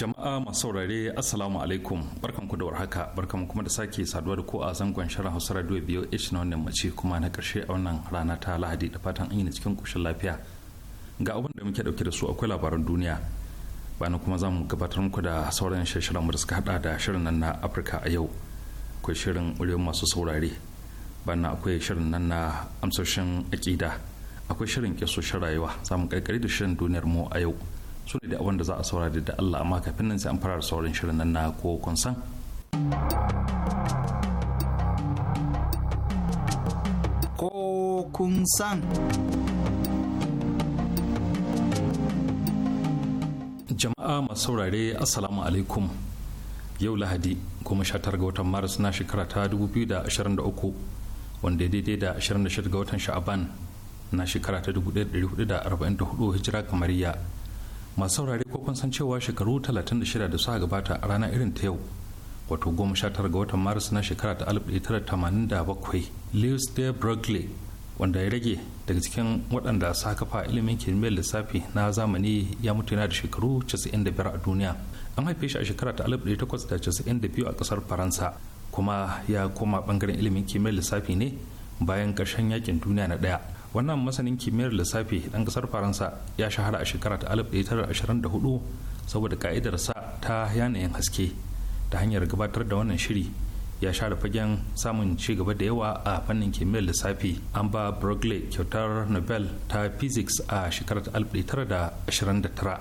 jama'a masu saurare assalamu alaikum barkan ku da warhaka barkan kuma da sake saduwa da ku a zangon shirin hausa radio biyo h na wannan mace kuma na karshe a wannan rana ta lahadi da fatan an yi cikin koshin lafiya ga abin da muke dauke da su akwai labaran duniya bana kuma za mu gabatar muku da sauran shirin mu da suka hada da shirin nan na afirka a yau akwai shirin muryoyin masu saurare bana akwai shirin nan na amsoshin akida akwai shirin kyasoshin rayuwa za mu karkari da shirin duniyar mu a yau su ne da abin da za a saurari da Allah amma kafin nan sai an fara sauran shirin nan na ko kun san. Ko kun san. Jama'a masu saurare Assalamu alaikum. Yau Lahadi kuma sha ga watan Maris na shekara ta 2023 wanda daidai da 26 ga watan Sha'aban na shekara ta 1444 hijira kamariya. masu saurare ko kun san cewa shekaru 36 da suka gabata a ranar irin ta yau wato 19 ga watan maris na shekara ta 1987 lewis de broglie wanda ya rage daga cikin waɗanda sa kafa ilimin kimiyyar lissafi na zamani ya mutu yana da shekaru 95 a duniya an haife shi a shekara ta 1892 a ƙasar faransa kuma ya koma ɓangaren ilimin kimiyyar lissafi ne bayan ƙarshen yakin duniya na ɗaya wannan masanin kimiyyar lissafi ɗan ƙasar faransa ya shahara a shekara ta 1924 saboda ka'idarsa ta yanayin haske ta hanyar gabatar da wannan shiri ya share fagen samun ci gaba da yawa a fannin kimiyyar lissafi an ba brogley kyautar nobel ta physics a ta 1929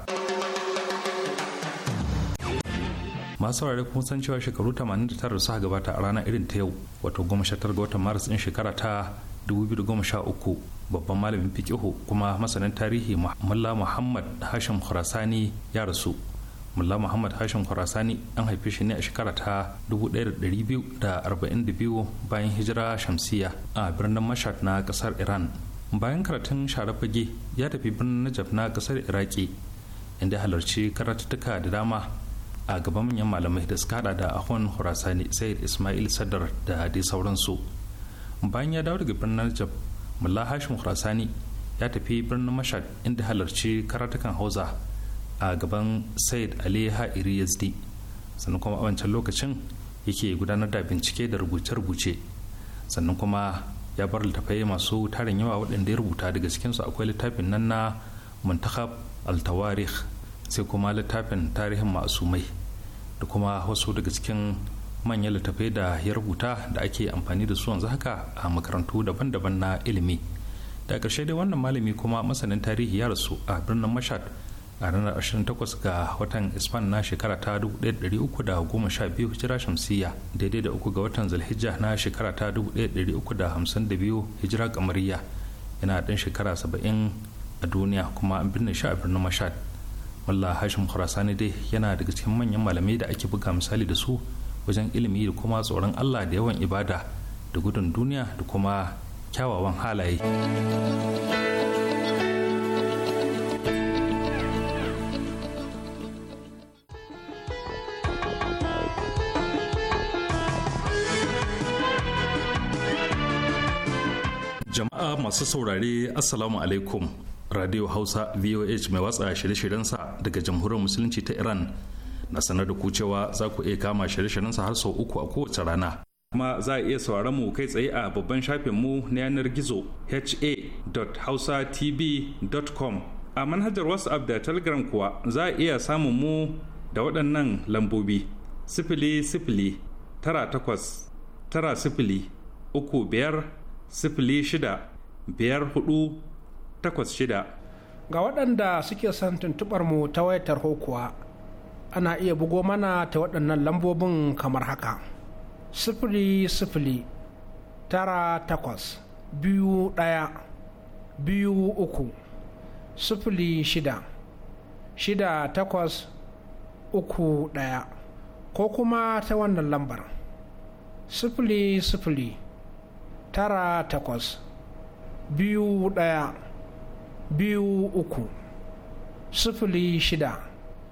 masu saurare kuma san cewa shekaru 89 suka gabata a rana irin ta yau wato 19 ga watan maris din shekara ta 2013 babban malamin fikihu kuma masanin tarihi mulla muhammad hashim khurasani ya rasu mulla muhammad hashim khurasani an haife shi ne a shekara ta 1242 bayan hijira shamsiya a birnin mashad na kasar iran bayan karatun sharafage ya tafi birnin najaf na kasar iraki inda halarci karatuttuka da dama a gaban manyan malamai da suka hada da ahon khurasani sayyid ismail sadar da dai sauransu bayan ya dawo daga birnin najab mullah hashim khurasani ya tafi birnin mashad inda halarci karatukan hausa a gaban said ali ha'iri yazdi sannan kuma a wancan lokacin yake gudanar da bincike da rubuce-rubuce sannan kuma ya bar littafai masu tarin yawa waɗanda ya rubuta daga cikinsu akwai littafin nan na muntakab altawarikh sai kuma littafin tarihin masu mai da kuma wasu daga cikin manyan littattafai da ya rubuta da ake amfani da su yanzu haka a makarantu daban-daban na ilimi da ƙarshe dai wannan malami kuma masanin tarihi ya rasu a birnin mashad a ranar 28 ga watan isfan na shekara ta 1312 hijira shamsiyya daidai da uku ga watan zalhijja na shekara ta 1352 hijira kamariya yana ɗan shekara 70 a duniya kuma an binne shi a birnin mashad wallah hashim khurasani dai yana daga cikin manyan malamai da ake buga misali da su wajen ilimi da kuma tsoron allah da yawan ibada da gudun duniya da kuma kyawawan halaye jama'a masu saurare assalamu alaikum radio hausa voh mai watsa shirye-shiryensa daga jamhuriyar musulunci ta iran na sanar da ku cewa za ku iya kama shirye-shiryen har sau uku a kowace rana kuma za a iya sauraron mu kai tsaye a babban shafin mu na yanar gizo ha.hausa.tv.com a manhajar whatsapp da telegram kuwa za a iya samun mu da waɗannan lambobi sifili sifili tara takwas tara sifili uku biyar sifili shida biyar hudu takwas shida ga waɗanda suke son tuntuɓar mu ta wayar tarho kuwa ana iya bugo mana ta waɗannan lambobin kamar haka sifili sifili tara takwas biyu ɗaya biyu uku sifili shida shida takwas uku ɗaya ko kuma ta wannan lambar sifili sifili tara takwas biyu ɗaya biyu uku sifili shida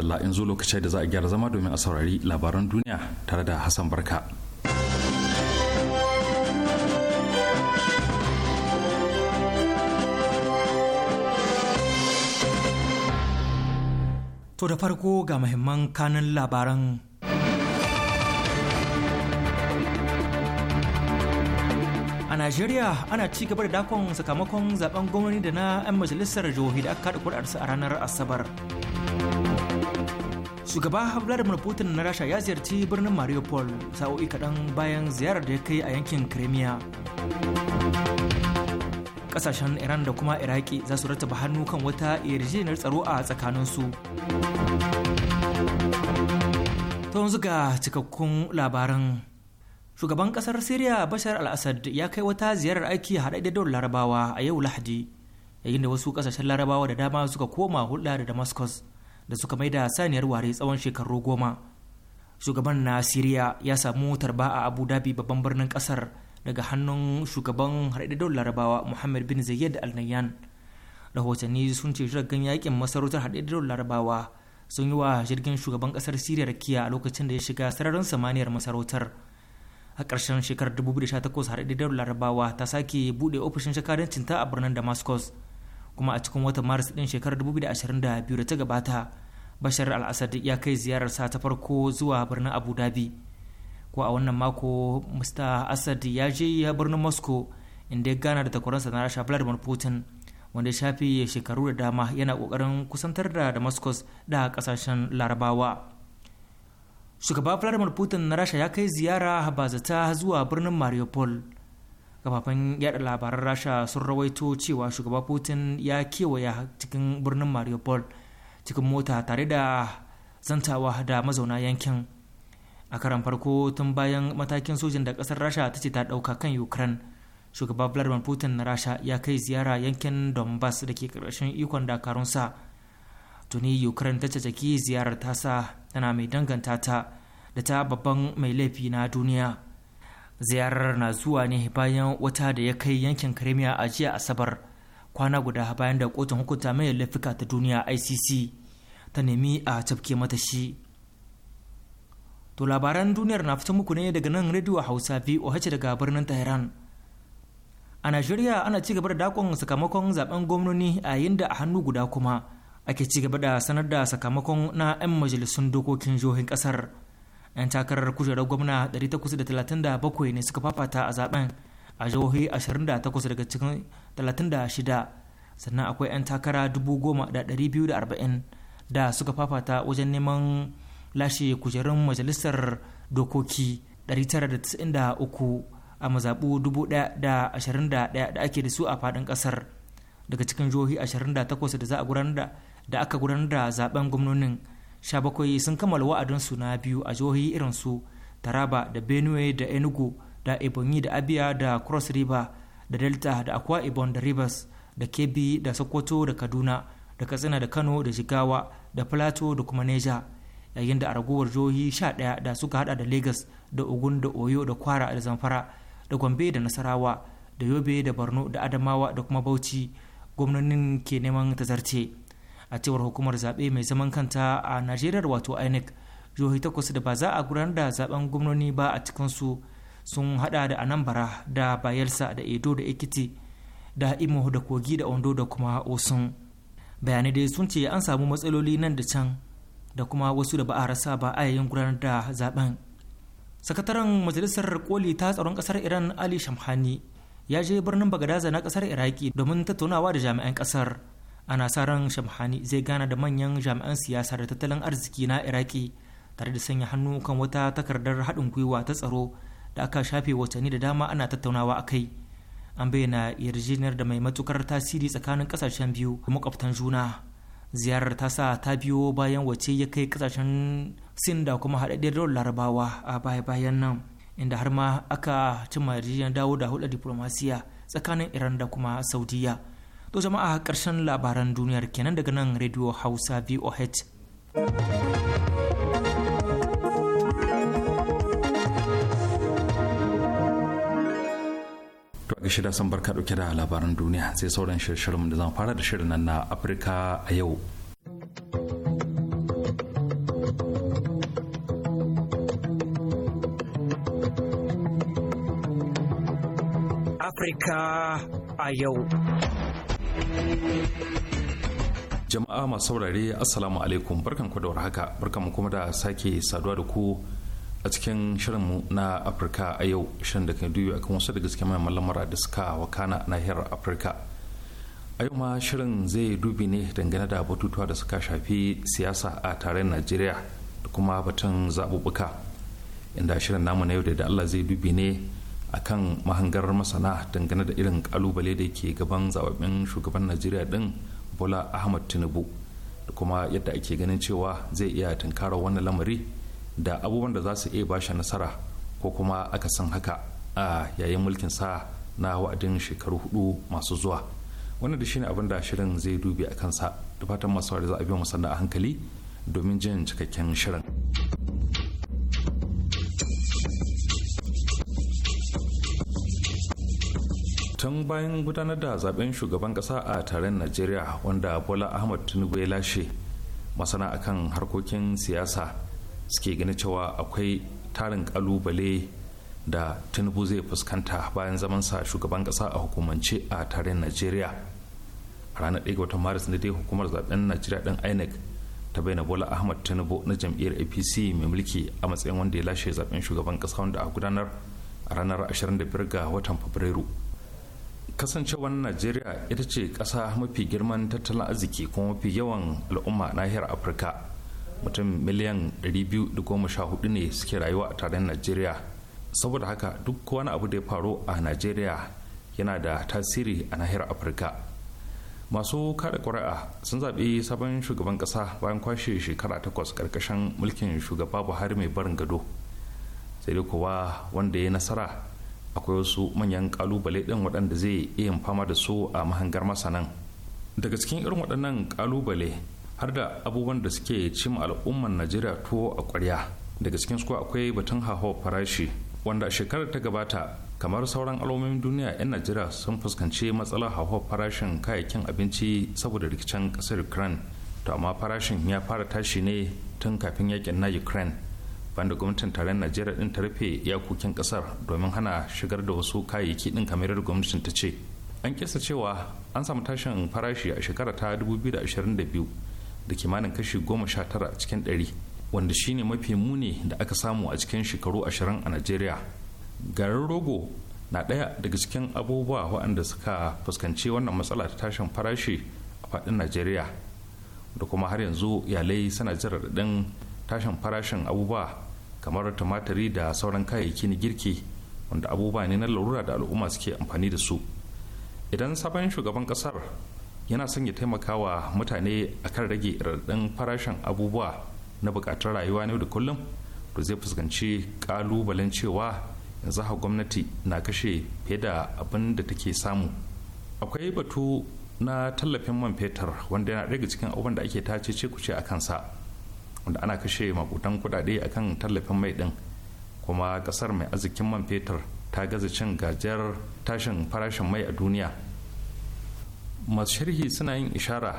madalla yanzu lokacin da za a gyara zama domin a saurari labaran duniya tare da Hassan Barka. To da farko ga muhimman kanun labaran. A Najeriya ana ci gaba da dakon sakamakon zaben gwamnati da na 'yan majalisar jihohi da aka kaɗa kuri'arsu a ranar Asabar. shugaba vladimir putin na rasha ya ziyarci birnin mariupol sa'o'i kaɗan bayan ziyarar da ya kai a yankin crimea kasashen iran da kuma iraki za su rattaba hannu kan wata yarjejeniyar tsaro a tsakaninsu ta yanzu ga cikakkun labaran shugaban kasar syria bashar al-assad ya kai wata ziyarar aiki a da larabawa a yau lahadi yayin da wasu kasashen larabawa da dama suka koma hulɗa da damascus da suka mai da saniyar ware tsawon shekaru goma shugaban na siriya ya samu tarba a abu dhabi babban birnin kasar daga hannun shugaban haɗaɗɗen larabawa muhammad bin zayyad al nayyan rahotanni sun ce jirgin yakin masarautar haɗaɗɗen larabawa sun yi wa jirgin shugaban kasar siriya rakiya a lokacin da ya shiga sararin samaniyar masarautar a ƙarshen shekarar 2018 haɗaɗɗen larabawa ta sake buɗe ofishin shakarancinta a birnin damascus kuma a cikin watan maris din shekarar 2022 da ta gabata bashar al-assad ya kai ziyararsa ta farko zuwa birnin abu dhabi ko a wannan mako mr assad ya je ya birnin moscow inda ya gana da takwaransa na rasha vladimir putin wanda ya shafi shekaru da dama yana kokarin kusantar da damascus da kasashen larabawa shugaba vladimir putin na rasha ya kai ziyara bazata zuwa birnin mariupol kafafen yada labaran rasha sun rawaito cewa shugaba putin ya kewaya cikin birnin mariupol cikin mota tare da zantawa da mazauna yankin a karan farko tun bayan matakin sojin da kasar rasha ta ce ta dauka kan ukraine shugaba vladimir putin na rasha ya kai ziyara yankin donbass da ke karkashin ikon dakarunsa tuni ukraine ta jaki ziyarar tasa tana mai danganta ta da ta babban mai laifi na duniya ziyarar na zuwa ne bayan wata da ya kai yankin kremiya a jiya asabar kwana guda bayan da kotun hukunta mai laifuka ta duniya icc ta nemi a tafke mata shi to labaran duniyar na fita muku ne daga nan rediyo hausa voh daga birnin tehran a najeriya ana ci gaba da dakon sakamakon zaben gwamnoni a yayin da a hannu guda kuma ake ci gaba da sanar da sakamakon na 'yan majalisun dokokin jihohin kasar 'yan takarar kujerar gwamna 837 ne suka fafata a zaben a jihohi 28 daga cikin 36 sannan akwai 'yan takara 10,240 da suka fafata wajen neman lashe kujerun majalisar dokoki 993 a mazaɓu 1,021 da ake da su a faɗin ƙasar daga cikin jihohi 28 da za aka gudanar da zaben gwamnonin 17 sun kammala wa'adinsu na biyu a jihohi irin su taraba da benue da enugu da ebonyi da abia da cross river da delta da akwa ibon da rivers da kebbi da sokoto da kaduna da katsina da kano da jigawa da plateau da kuma neja yayin da a ragowar jihohi 11 da suka hada da lagos da ogun da oyo da kwara da zamfara da gombe da nasarawa da yobe da borno da adamawa da kuma bauchi gwamnonin ke neman ta tazarce a cewar hukumar zaɓe mai zaman kanta a najeriya wato inec jihohi takwas da ba za a gudanar da zaben gwamnoni ba a cikin su sun hada da anambara da bayelsa da edo da ekiti da imo da kogi da ondo da kuma osun bayanai dai sun ce an samu matsaloli nan da can da kuma wasu da ba a rasa ba a yayin gudanar da zaben sakataren majalisar koli ta tsaron kasar iran ali shamhani ya je birnin bagadaza na kasar iraki domin tattaunawa da jami'an kasar ana sa ran shamhani zai gana da manyan jami'an siyasa da tattalin arziki na iraki tare da sanya hannu kan wata takardar haɗin gwiwa ta tsaro da aka shafe watanni da dama ana tattaunawa a kai an bayyana yarjejeniyar da mai matukar tasiri tsakanin kasashen biyu da makwabtan juna ziyarar ta sa ta biyo bayan wace ya kai kasashen sin da kuma haɗaɗɗiyar dawar larabawa a baya bayan nan inda har ma aka cimma yarjejeniyar dawo da hulɗar diplomasiya tsakanin iran da kuma saudiya to jama'a ƙarshen labaran duniyar kenan daga nan radio hausa voh To a san barka dauke da labaran duniya sai sauran shirin da zan fara da shirin nan na Afirka a yau. Afirka a yau. jama'a masu saurare assalamu alaikum barkan ku da warhaka barkan mu kuma da sake saduwa da ku a cikin shirin mu na afirka a yau shirin da kan duyu akan wasu da cikin mai lamura da suka wakana nahiyar afirka a yau ma shirin zai dubi ne dangane da batutuwa da suka shafi siyasa a tarayyar najeriya da kuma batun zaɓuɓɓuka inda shirin namu na yau da allah zai dubi ne akan mahangar masana dangane da irin kalubale da ke gaban zababben shugaban najeriya din bola ahmad tinubu da kuma yadda ake ganin cewa zai iya tunkara wannan lamari da abubuwan da za su iya bashi nasara ko kuma aka san haka a yayin mulkin sa na wa'adin shekaru hudu masu zuwa wannan da shine abin da shirin zai dubi a kansa da fatan masu za a biyo musanna a hankali domin jin cikakken shirin. tun bayan gudanar da zaben shugaban kasa a taron najeriya wanda bola ahmad tinubu ya lashe masana akan harkokin siyasa suke gani cewa akwai tarin kalubale da tinubu zai fuskanta bayan zaman sa shugaban kasa a hukumance a taron najeriya ranar 1 watan maris na dai hukumar zaben najeriya din inec ta bayyana bola ahmad tinubu na jam'iyyar apc mai mulki a matsayin wanda ya lashe zaben shugaban kasa wanda a gudanar a ranar 25 ga watan fabrairu kasancewar najeriya ita ce ƙasa mafi girman tattalin arziki kuma mafi yawan al'umma nahiyar afirka mutum miliyan 214 ne suke rayuwa a tarayyar najeriya saboda haka duk wani abu da ya faru a najeriya yana da tasiri a nahiyar afirka masu kada ƙuri'a sun zaɓi sabon shugaban ƙasa bayan kwashe shekara takwas ƙarƙashin mulkin shugaba buhari mai barin gado sai dai kuwa wanda ya nasara akwai wasu manyan kalubale ɗin waɗanda zai iya fama da su a mahangar masanan daga cikin irin waɗannan kalubale har da abubuwan da suke cim al'ummar najeriya tuwo a ƙwarya daga cikin su akwai batun haho farashi wanda a shekarar ta gabata kamar sauran al'ummomin duniya 'yan najeriya sun fuskanci matsalar haho farashin kayayyakin abinci saboda rikicin ƙasar ukraine to amma farashin ya fara tashi ne tun kafin yakin na ukraine bayan da gwamnatin tarayyar najeriya din ta rufe iyakokin kasar domin hana shigar da wasu kayayyaki din kamar yadda gwamnatin ta ce an kisa cewa an samu tashin farashi a shekara ta 2022 da kimanin kashi 19 cikin 100 wanda shine mafi muni da aka samu a cikin shekaru 20 a najeriya garin rogo na ɗaya daga cikin abubuwa waɗanda suka fuskanci wannan matsala ta tashin farashi a faɗin najeriya da kuma har yanzu yalai suna jin raɗaɗin tashin farashin abubuwa kamar tumatiri da sauran kayayyaki na girki wanda abubuwa ne na larura da al'umma suke amfani da su idan sabon shugaban kasar yana son ya taimaka wa mutane akan rage raɗaɗin farashin abubuwa na buƙatar rayuwa ne da kullum to zai fuskanci ƙalubalen cewa yanzu ha gwamnati na kashe fiye da abin da take samu akwai batu na tallafin man fetur wanda yana daga cikin abubuwan da ake tace ce kuce a kansa wanda ana kashe makutan kudade kan tallafin mai din kuma kasar mai arzikin man fetur ta gaza cin gajiyar tashin farashin mai a duniya masu sharhi suna yin ishara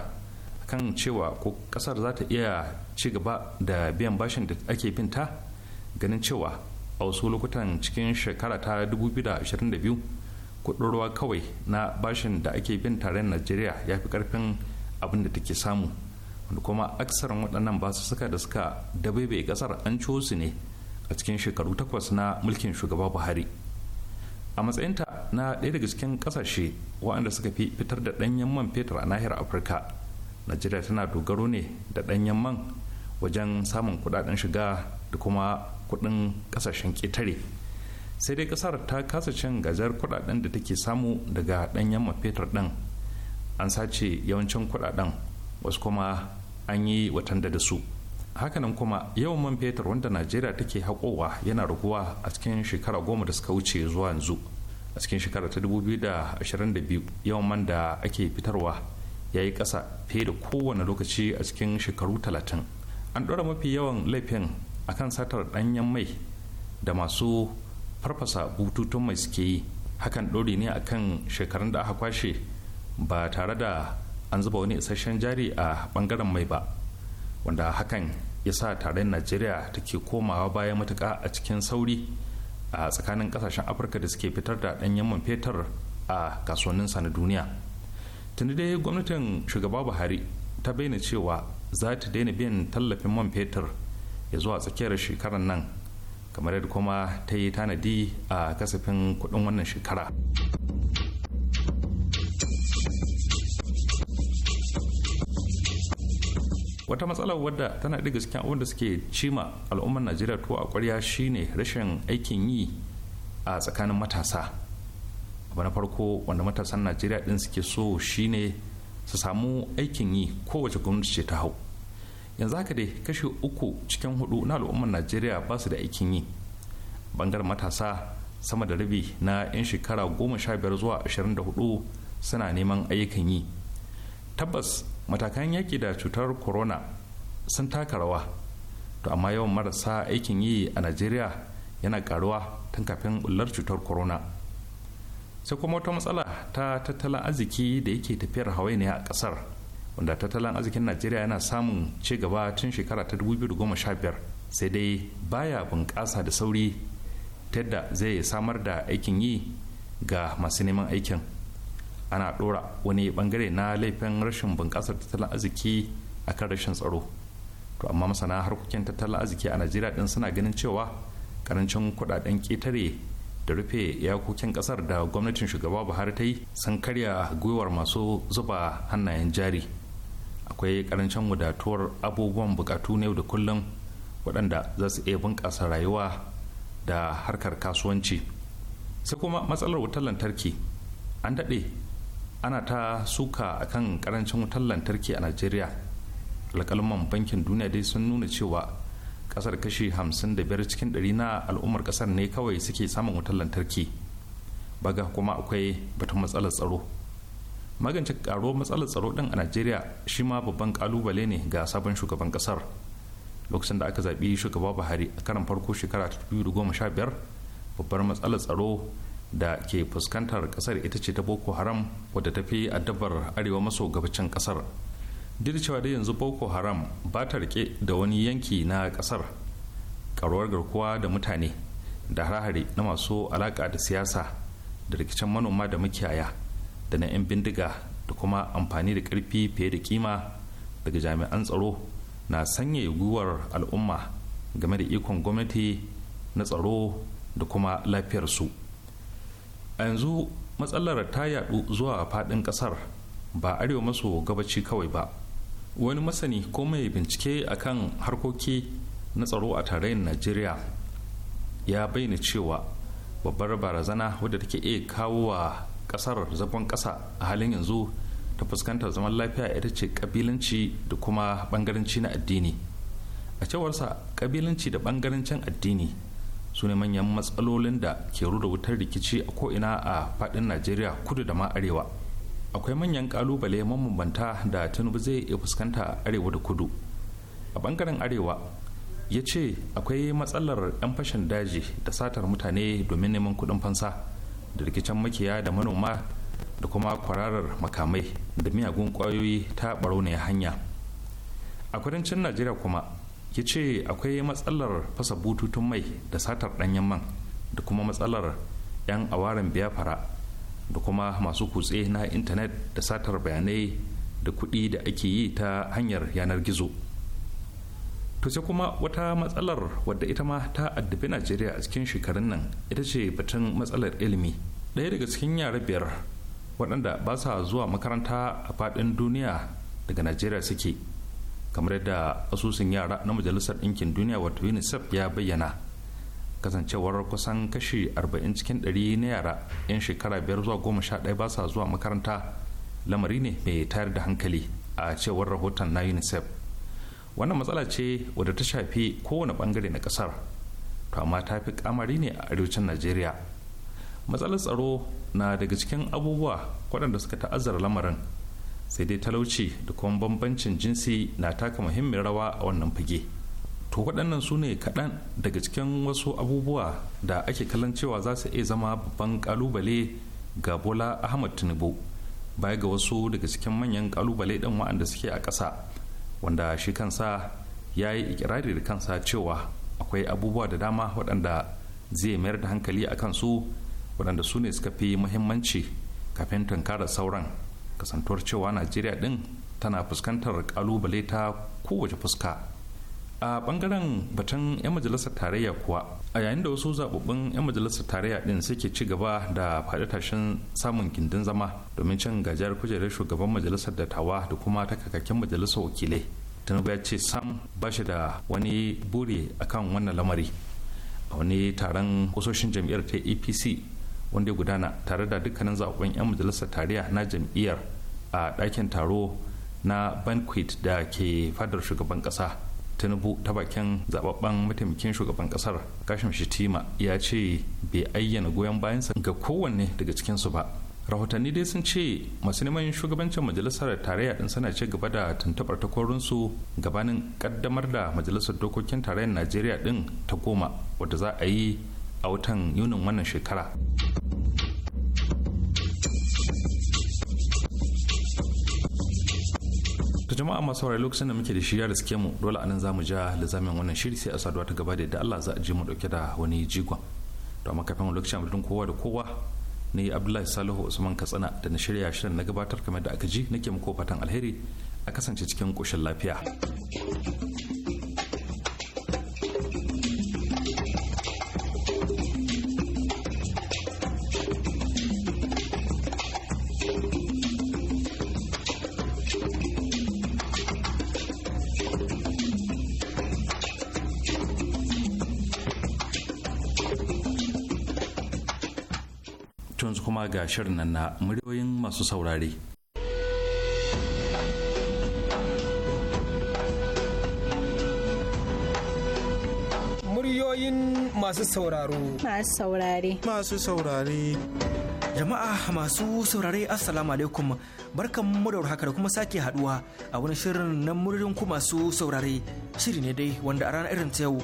kan cewa ko kasar za ta iya ci gaba da biyan bashin da ake binta ganin cewa a wasu lokutan cikin shekara ta 2022 kudin ruwa kawai na bashin da ake bin tare najeriya ya fi karfin abin da take samu kuma aksarin waɗannan suka da suka dabebe ƙasar an su ne a cikin shekaru takwas na mulkin shugaba buhari a matsayinta na ɗaya daga cikin ƙasashe waɗanda suka fi fitar da ɗanyen man fetur a nahiyar afirka najeriya tana dogaro ne da ɗanyen man wajen samun kuɗaɗen shiga da kuma kuɗin ƙasashen ƙetare sai dai ƙasar ta kasa cin gajar kuɗaɗen da take samu daga ɗanyen man fetur ɗin an sace yawancin kuɗaɗen wasu kuma an yi watan da su hakanan kuma yawan man fetur wanda najeriya take haƙowa yana raguwa a cikin shekara goma da suka wuce zuwa yanzu a cikin shekara ta 2022 yawan man da ake fitarwa ya yi ƙasa fiye da kowane lokaci a cikin shekaru talatin an ɗora mafi yawan laifin a kan satar ɗanyen mai da masu farfasa bututun mai suke yi hakan ɗori ne akan shekarun da aka kwashe ba tare da an zuba wani isasshen jari a bangaren mai ba wanda hakan ya sa tarayyar najeriya take komawa baya matuka a cikin sauri a tsakanin kasashen afirka da suke fitar da ɗanyen man fetur a kasuwanninsa na duniya tuni dai gwamnatin shugaba buhari ta bayyana cewa za ta daina biyan tallafin man fetur ya zuwa tsakiyar shekarar nan kamar yadda kuma ta yi tanadi a kasafin kuɗin wannan shekara. wata matsalar wadda tana da abin wanda suke cima al'ummar najeriya to a kwarya shine rashin aikin yi a tsakanin matasa abu na farko wanda matasan najeriya din suke so shine su samu aikin yi kowace gwamnati ce ta hau yanzu haka dai kashi uku cikin hudu na al'ummar najeriya ba su da aikin yi bangar matasa sama da rabi na 'yan shekara goma sha biyar zuwa ashirin da hudu suna neman ayyukan yi tabbas matakan yaƙi da cutar corona sun taka rawa to amma yawan marasa aikin yi a najeriya yana karuwa tun kafin bullar cutar corona sai kuma wata matsala ta tattalin arziki da yake tafiyar ne a kasar wanda tattalin arzikin najeriya yana samun ci gaba tun shekara ta 2015 sai dai baya bunƙasa da sauri ta yadda zai samar da aikin yi ga masu neman aikin ana ɗora wani bangare na laifin rashin bunƙasar tattalin arziki a kan rashin tsaro to amma masana harkokin tattalin arziki a najeriya din suna ganin cewa karancin kuɗaɗen ƙetare da rufe yakokin ƙasar da gwamnatin shugaba buhari ta yi sun karya gwiwar masu zuba hannayen jari akwai karancin wadatuwar abubuwan buƙatu na yau da kullum waɗanda za su iya bunƙasa rayuwa da harkar kasuwanci sai kuma matsalar wutar lantarki an daɗe ana ta suka a kan karancin wutar lantarki a najeriya alkalman bankin duniya dai sun nuna cewa kasar kashi 55 cikin 100 na al'ummar kasar ne kawai suke samun wutar lantarki baga kuma akwai batun matsalar tsaro magance karo matsalar tsaro din a najeriya shi ma babban kalubale ne ga sabon shugaban kasar lokacin da aka zaɓi shugaba buhari a karan farko shekara 2015 babbar matsalar tsaro da ke fuskantar kasar ita ce ta boko haram wadda ta fi addabar arewa maso gabacin kasar duk cewa da yanzu boko haram ba ta rike da wani yanki na kasar karuwar garkuwa da mutane da harahari na masu alaka da siyasa da rikicin manoma da makiyaya da na 'yan bindiga da kuma amfani da karfi fiye da kima daga jami'an tsaro na sanya guwar al'umma game da ikon gwamnati na tsaro da kuma lafiyarsu. su a yanzu matsalar ta yadu zuwa faɗin ƙasar ba arewa maso gabaci kawai ba wani masani ko mai bincike akan harkoki na tsaro a tarayyar najeriya ya bayyana cewa babbar barazana wadda take iya kawo wa kasar zagon kasa a halin yanzu ta fuskantar zaman lafiya ita ce kabilanci da kuma bangaranci na addini a cewarsa kabilanci da bangarencin addini su ne manyan matsalolin da ke rura wutar rikici a ko'ina a fadin najeriya kudu da ma arewa akwai manyan kalubale mabambanta da tinubu zai iya fuskanta a arewa da kudu a bangaren arewa ya ce akwai matsalar 'yan fashin daji da satar mutane domin neman kudin fansa da rikicin makiya da manoma da kuma kwararar makamai da miyagun kwayoyi ta barauniyar hanya a kudancin najeriya kuma ya ce akwai matsalar fasa bututun mai da satar ɗanyen man da kuma matsalar 'yan awaren biyafara da kuma masu kutse na intanet da satar bayanai da kuɗi da ake yi ta hanyar yanar gizo to sai kuma wata matsalar wadda ita ma ta addabi najeriya a cikin shekarun nan ita ce batun matsalar ilimi ɗaya daga cikin yare biyar waɗanda ba sa zuwa makaranta a faɗin duniya daga najeriya suke kamar yadda asusun yara na majalisar ɗinkin duniya wato unicef ya bayyana kasancewar kusan kashi 40 cikin 100 na yara 'yan shekara biyar zuwa goma 11 ba sa zuwa makaranta lamari ne mai tayar da hankali a cewar rahoton na unicef wannan matsala ce wadda ta shafi kowane bangare na kasar to amma ta fi kamari ne a arewacin najeriya matsalar tsaro na daga cikin abubuwa waɗanda suka ta'azzara lamarin sai dai talauci da kuma bambancin jinsi na taka muhimmin rawa a wannan fage to waɗannan su ne kaɗan daga cikin wasu abubuwa da ake kallon cewa za su iya zama babban ƙalubale ga bola ahmad tinubu baya ga wasu daga cikin manyan kalubale ɗin wa'anda suke a ƙasa wanda shi kansa ya yi ikirari da kansa cewa akwai abubuwa da dama waɗanda zai mayar da hankali a kansu waɗanda su ne suka fi muhimmanci kafin tankara sauran kasantuwar cewa najeriya din tana fuskantar kalubale ta kowace fuska a bangaren batun 'yan majalisar tarayya kuwa a yayin da wasu zababbun 'yan majalisar tarayya din suke ci gaba da faɗi tashin samun gindin zama domin cin gajiyar kujerar shugaban majalisar dattawa da kuma ta majalisar wakilai tunubu ya ce sam ba shi da wani buri akan wannan lamari a wani taron kusoshin jam'iyyar ta apc wanda ya gudana tare da dukkanin zaɓen 'yan majalisar tarayya na jam'iyyar a ɗakin taro na banquet da ke fadar shugaban ƙasa tinubu ta bakin zababben mataimakin shugaban ƙasar kashim shitima ya ce bai ayyana goyon bayansa ga kowanne daga cikinsu ba rahotanni dai sun ce masu neman shugabancin majalisar tarayya din suna ci gaba da tuntubar takwarorinsu gabanin kaddamar da majalisar dokokin tarayyar najeriya din ta goma wadda za a yi a watan yunin wannan shekara ta jama'a masu wari lokacin da muke da shirya da suke mu dole anan za mu ja lizamin wannan shiri sai a saduwa ta gaba da yadda Allah za a ji mu dauke da wani jigon to amma kafin lokacin abin kowa da kowa ne Abdullahi Salihu Usman Katsina da na shirya shirin na gabatar kamar da aka ji nake muku fatan alheri a kasance cikin koshin lafiya. kuma ga shirin nan na muryoyin masu saurare. Muryoyin masu sauraro. Masu saurare. Masu saurare. Jama'a masu saurare Assalamu alaikum barkan mu da warhaka da kuma sake haduwa a wani shirin na muryoyin ku masu saurare shiri ne dai wanda a ranar irin ta yau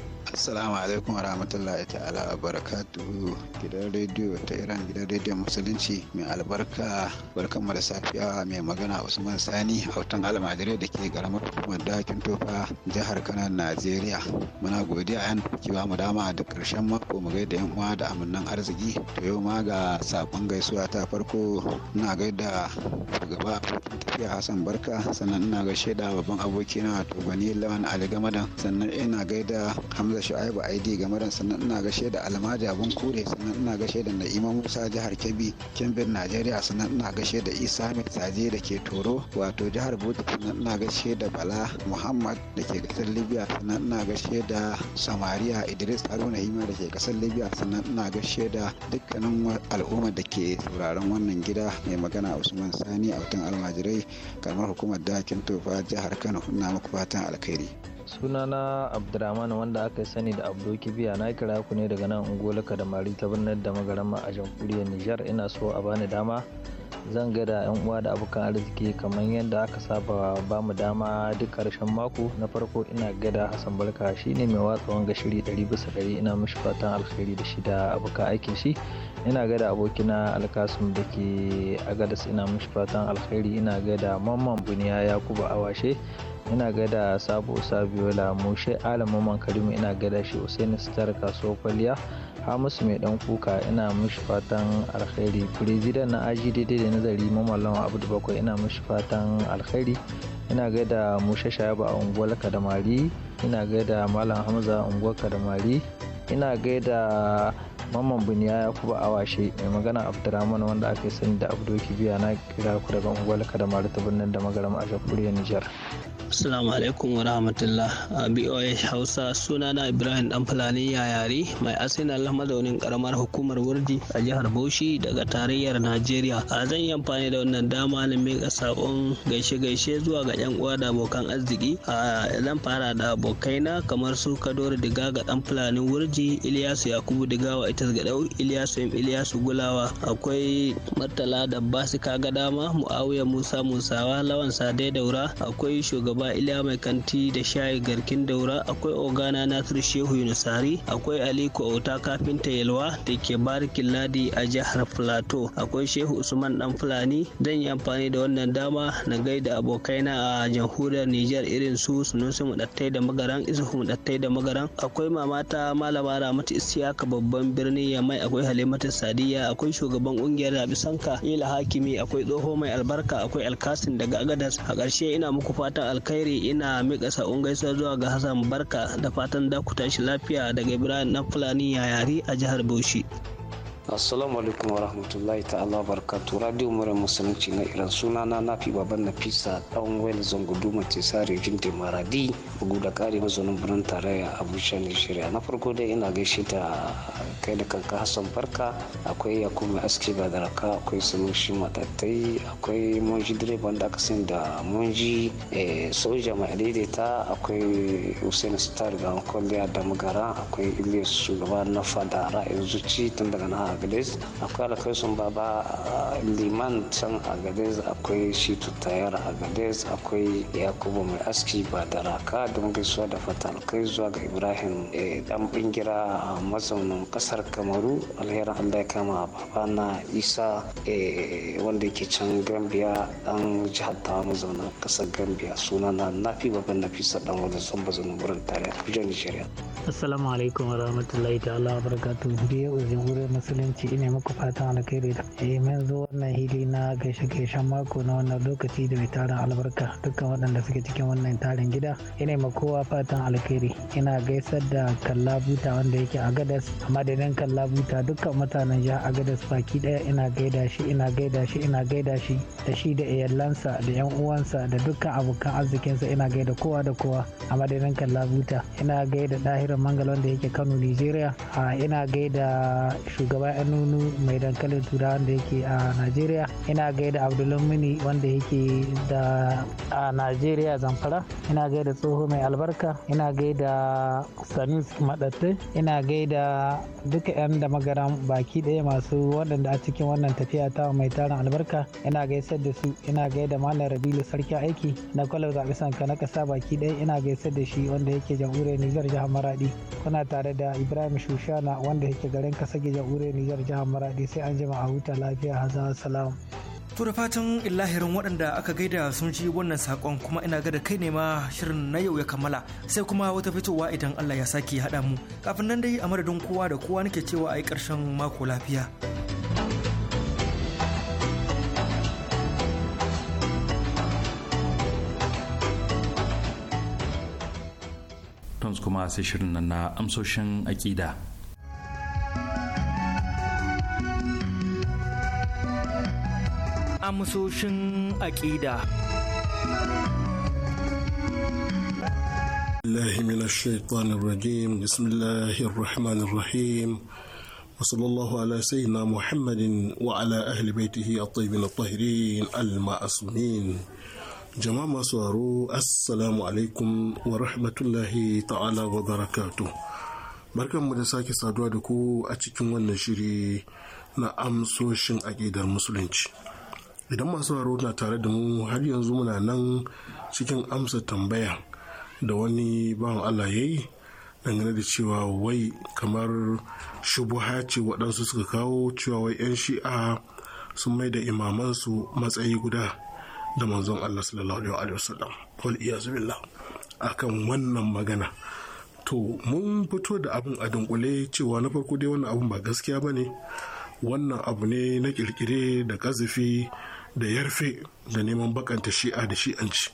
Assalamu alaikum warahmatullahi ta'ala barakatuhu gidan rediyo ta Iran gidan rediyon musulunci mai albarka barkan da safiya mai magana Usman Sani a wutan almajirai da ke karamar hukumar dakin tofa jihar Kano Najeriya muna godiya yan kuke ba mu dama da karshen mako mu gaida yan uwa da amannan arziki to yau ma ga sakon gaisuwa ta farko ina gaida shugaba abokin tafiya Hassan Barka sannan ina gaishe da babban abokina wato Gwani Lawan Ali Gamadan sannan ina gaida Hamza da shu'aibu id game da sannan ina gashe da almaja abun kure sannan ina gashe da na'ima musa jihar kebbi kimbin najeriya sannan ina gashe da isa mai saje da ke toro wato jihar bauchi sannan ina gashe da bala muhammad da ke kasar libya sannan ina gashe da samariya idris haruna hima da ke kasar libya sannan ina gashe da dukkanin al'ummar da ke sauraron wannan gida mai magana usman sani a wutan almajirai kamar hukumar dakin tofa jihar kano ina muku fatan alkhairi sunana abdurrahman wanda aka sani da abdo kibiya na kira ku ne daga nan ka da mari ta birnin da magarama a jamhuriyar nijar ina so a bani dama zan gada yan uwa da abokan arziki kamar yadda aka saba ba mu dama duk karshen mako na farko ina gada hassan barka shine mai watsa wanga shiri ɗari bisa ɗari ina mishi fatan alkhairi da shida da abokan aikin shi ina gada abokina alkasum da ke agadas ina mishi fatan alkhairi ina gada mamman buniya yakubu awashe ina gaida sabo sabiola mushe alamu karimu ina gaida shi usaini sitar kasuwar kwalliya hamisu mai dan kuka ina mishi fatan alkhairi president na aji daidai da nazari mamallon abdu bakwai ina mishi fatan alkhairi ina gaida mushe shayaba a unguwar kadamari ina gaida malam hamza a unguwar kadamari ina gaida mamman buniya ya kuba washe mai magana abdurrahman wanda aka sani da abdoki biya na kira ku daga unguwar kadamari ta birnin da magaram a jamhuriyar nijar Assalamu alaikum wa rahmatullah. BOA Hausa suna na Ibrahim Dan Fulani Yayari mai Arsenal mazaunin karamar hukumar wurdi a jihar Bauchi daga tarayyar Najeriya. A zan yi amfani da wannan dama na miƙa sakon gaishe-gaishe zuwa ga 'yan uwa da abokan arziki. A zan fara da abokaina kamar su Kadori Diga ga Dan Fulani Wurdi Iliyasu Yakubu Diga wa Itas Dau, Iliyasu Iliyasu Gulawa. Akwai Murtala da Basika ga dama Muawiya Musa Musawa, Lawan Sade Daura, akwai shugaban shugaba iliya mai kanti da shayi garkin daura akwai ogana nasir shehu yunusari akwai aliko ota kafinta yalwa da ke barikin ladi a jihar plateau akwai shehu usman dan fulani zan yi amfani da wannan dama na gaida abokaina a jamhuriyar Nijar irin su sunusi mudattai da magaran isuhu mudattai da magaran akwai mamata malama ramatu isiyaka babban birnin yamai akwai halimatu sadiya akwai shugaban ƙungiyar rabi sanka ila hakimi akwai tsoho mai albarka akwai alkasin daga agadas a ƙarshe ina muku fatan alkhairi alkhairi ina miƙa sa'un gaisuwa zuwa ga Hassan Barka da fatan da ku tashi lafiya daga Ibrahim Dan Fulani Yayari a jihar Bauchi. assalamu alaikum wa rahmatullahi ta'ala barkatu radio mura musulunci na iran sunana na nafi baban fisa dan wel zango duma ce sare jin maradi bugu da kare mazaunin birnin tarayya abuja nigeria na farko dai ina gaishe ta kai da kanka hassan farka akwai yakubu aski ba daraka akwai shi matattai akwai monji direban da aka sani da monji eh, soja mai daidaita akwai hussein star ga kwalliya da magara akwai ilyas shugaba na fada ra'ayin zuci tun daga na agades akwai alkaisun baba eh, liman can agades akwai shitu tayar agades akwai yakubu mai aski ba da raka don gaisuwa da fata alkaizuwa zuwa ga ibrahim eh, dan bingira a eh, mazaunin kasar kamaru alherin allah ya kama baba na isa wanda ke can gambia dan jihar ta mazaunin kasar gambia suna na nafi baban nafisa dan wanda son wurin tare a kujan nigeria Assalamu alaikum wa rahmatullahi ta'ala wa barakatu. Biyo jamhuriyar musulunci ina muku fatan alkhairi da eh mun zo wannan hili na gaishe gaishen mako na wannan lokaci da mai tarin albarka dukkan waɗanda suke cikin wannan tarin gida ina ma kowa fatan alkhairi ina gaisar da kalla buta wanda yake a gadas amma da dan kalla buta dukkan mutanen jihar agadas baki daya ina gaida shi ina gaida shi ina gaida shi da shi da iyalansa da yan uwansa da dukkan abokan arzikinsa ina gaida kowa da kowa amma da dan kalla buta ina gaida dahir Basirin Mangal wanda yake Kano Nigeria a ina gaida shugaba Anunu mai dankalin tura wanda yake a Nigeria ina gaida abdulmini wanda yake da a Nigeria Zamfara ina gaida tsoho mai albarka ina gaida Sanis Madatte ina gaida duka 'yan da magaran baki daya masu waɗanda a cikin wannan tafiya ta mai tarin albarka ina gaisar da su ina gaida malam Rabilu sarki aiki na kwalar zaɓi sanka na kasa baki ɗaya ina gaisar da shi wanda yake jamhuriyar Nijar jihar Maradi maradi kuna tare da ibrahim shushana wanda yake garin kasage jamhuriyar nijar jihar maradi sai an jima a huta lafiya hazan salam To da fatan illahirin waɗanda aka gaida sun ji wannan saƙon kuma ina ga da kai ne ma shirin na yau ya kammala sai kuma wata fitowa idan Allah ya sake haɗa mu. Kafin nan dai a madadin kowa da kowa nake cewa a yi ƙarshen mako lafiya. tons kuma sai shirin nan na amsoshin aƙida. Amsoshin aƙida. الله من الشيطان الرجيم بسم الله الرحمن الرحيم وصلى الله على سيدنا محمد وعلى أهل بيته الطيبين الطاهرين المعصومين jama'a masu waro assalamu alaikum wa rahmatullahi ta'ala wa barakatu barkanmu da sake saduwa da ku a cikin wannan shiri na amsoshin aƙidar musulunci idan masu waro na tare da mu har yanzu muna nan cikin amsa tambaya da wani bawan allah ya dangane da cewa wai kamar shubuha ce waɗansu suka kawo cewa wai 'yan shi'a sun mai da imamansu matsayi guda da manzon Allah sallallahu alaihi wasallam wal iyazu billah akan wannan magana to mun fito da abun a dunkule cewa na farko dai wannan abin ba gaskiya ba ne wannan abu ne na kirkire da kazafi da yarfe da neman bakanta shi'a da shi'anci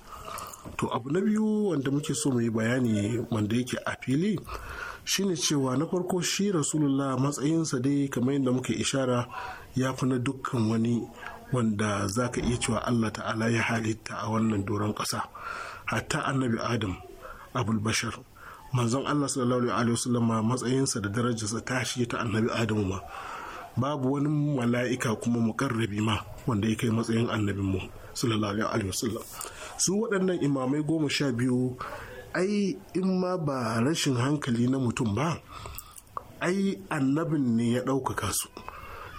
to abu na biyu wanda muke so mu yi bayani wanda yake a fili shine cewa na farko shi rasulullah matsayinsa dai kamar yadda muke ishara ya fi na dukkan wani wanda za ka iya cewa Allah ta'ala ya halitta a wannan doron ƙasa hatta annabi adam abul bashar manzon Allah sallallahu alaihi wasallam matsayinsa da darajarsa ta shi ta annabi adamu ma babu wani mala'ika kuma muƙarrabi ma wanda ya kai matsayin annabin mu sallallahu alaihi wasallam su waɗannan imamai goma sha biyu ai in ma ba rashin hankali na mutum ba ai annabin ne ya ɗaukaka su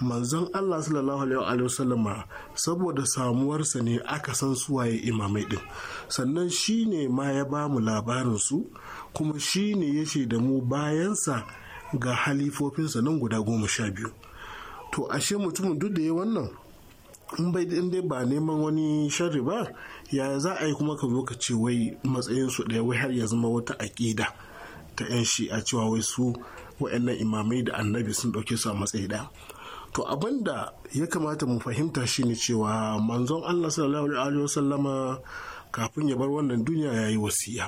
manzon Allah sallallahu alaihi wa sallama saboda samuwarsa ne aka san suwaye imamai din sannan shi ne ma ya ba mu labarin su kuma shi ne ya shaida mu bayansa ga halifofinsa nan guda goma sha biyu to ashe mutumin duk da ya wannan in bai dai ba neman wani sharri ba ya za a yi kuma ka zo ka ce wai matsayinsu ɗaya wai har ya zama wata aƙida ta 'yan a cewa wai su wa'annan imamai da annabi sun ɗauke su a matsayi ɗaya to abin da ya kamata mu fahimta shi ne cewa manzon allah sallallahu alaihi wasallama kafin ya bar wannan duniya ya yi wasiya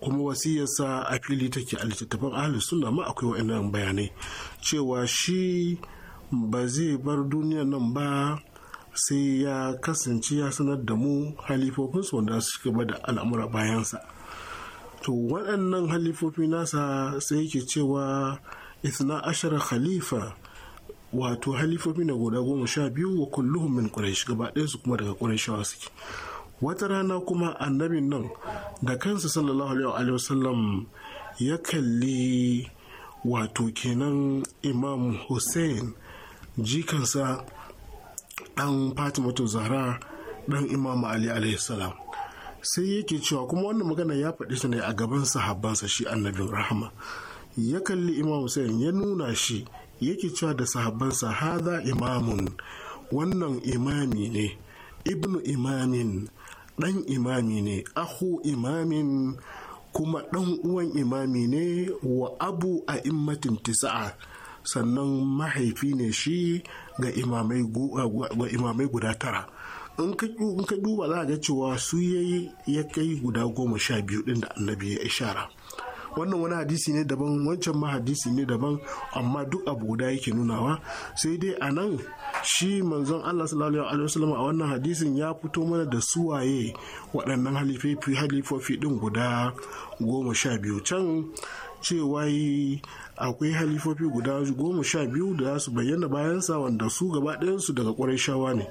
kuma wasiyarsa a fili take a littattafan ahalin suna ma akwai wa'annan bayanai cewa shi ba zai bar duniya nan ba sai ya kasance ya sanar da mu halifofinsu wanda su gaba da al'amura bayansa to waɗannan halifofi nasa sai yake cewa isna ashara khalifa wato halifofi na guda goma sha biyu wa kulluhun min quraish gaba ɗaya su kuma daga qurayshawa suke wata rana kuma annabin nan da kansa sallallahu alaihi wa sallam ya kalli wato kenan imam hussein jikansa ɗan fatimatu zahra ɗan imam ali alaihi salam sai yake cewa kuma wannan magana ya faɗi su ne a gaban sahabbansa shi annabin rahama ya kalli imam hussein ya nuna shi yake cewa da sahabbansa hada imamun wannan imami ne ibnu imamin ɗan imami ne ahu imamin kuma ɗan uwan imami ne wa abu a immatin tisa'a sannan mahaifi ne shi ga imamai guda tara in ka duba za ga cewa su yayi ya kai guda goma sha biyu ɗin da annabi ya ishara wannan wani hadisi ne daban wancan ma hadisi ne daban amma duk abu guda yake nunawa sai dai a nan shi manzon Allah sallallahu alaihi wasallam a wannan hadisin ya fito mana da suwaye waɗannan halifofi halifofi din guda goma sha biyu can cewa akwai halifofi guda goma sha biyu da su bayyana bayansa wanda su gaba ɗayansu daga ƙwarai shawa ne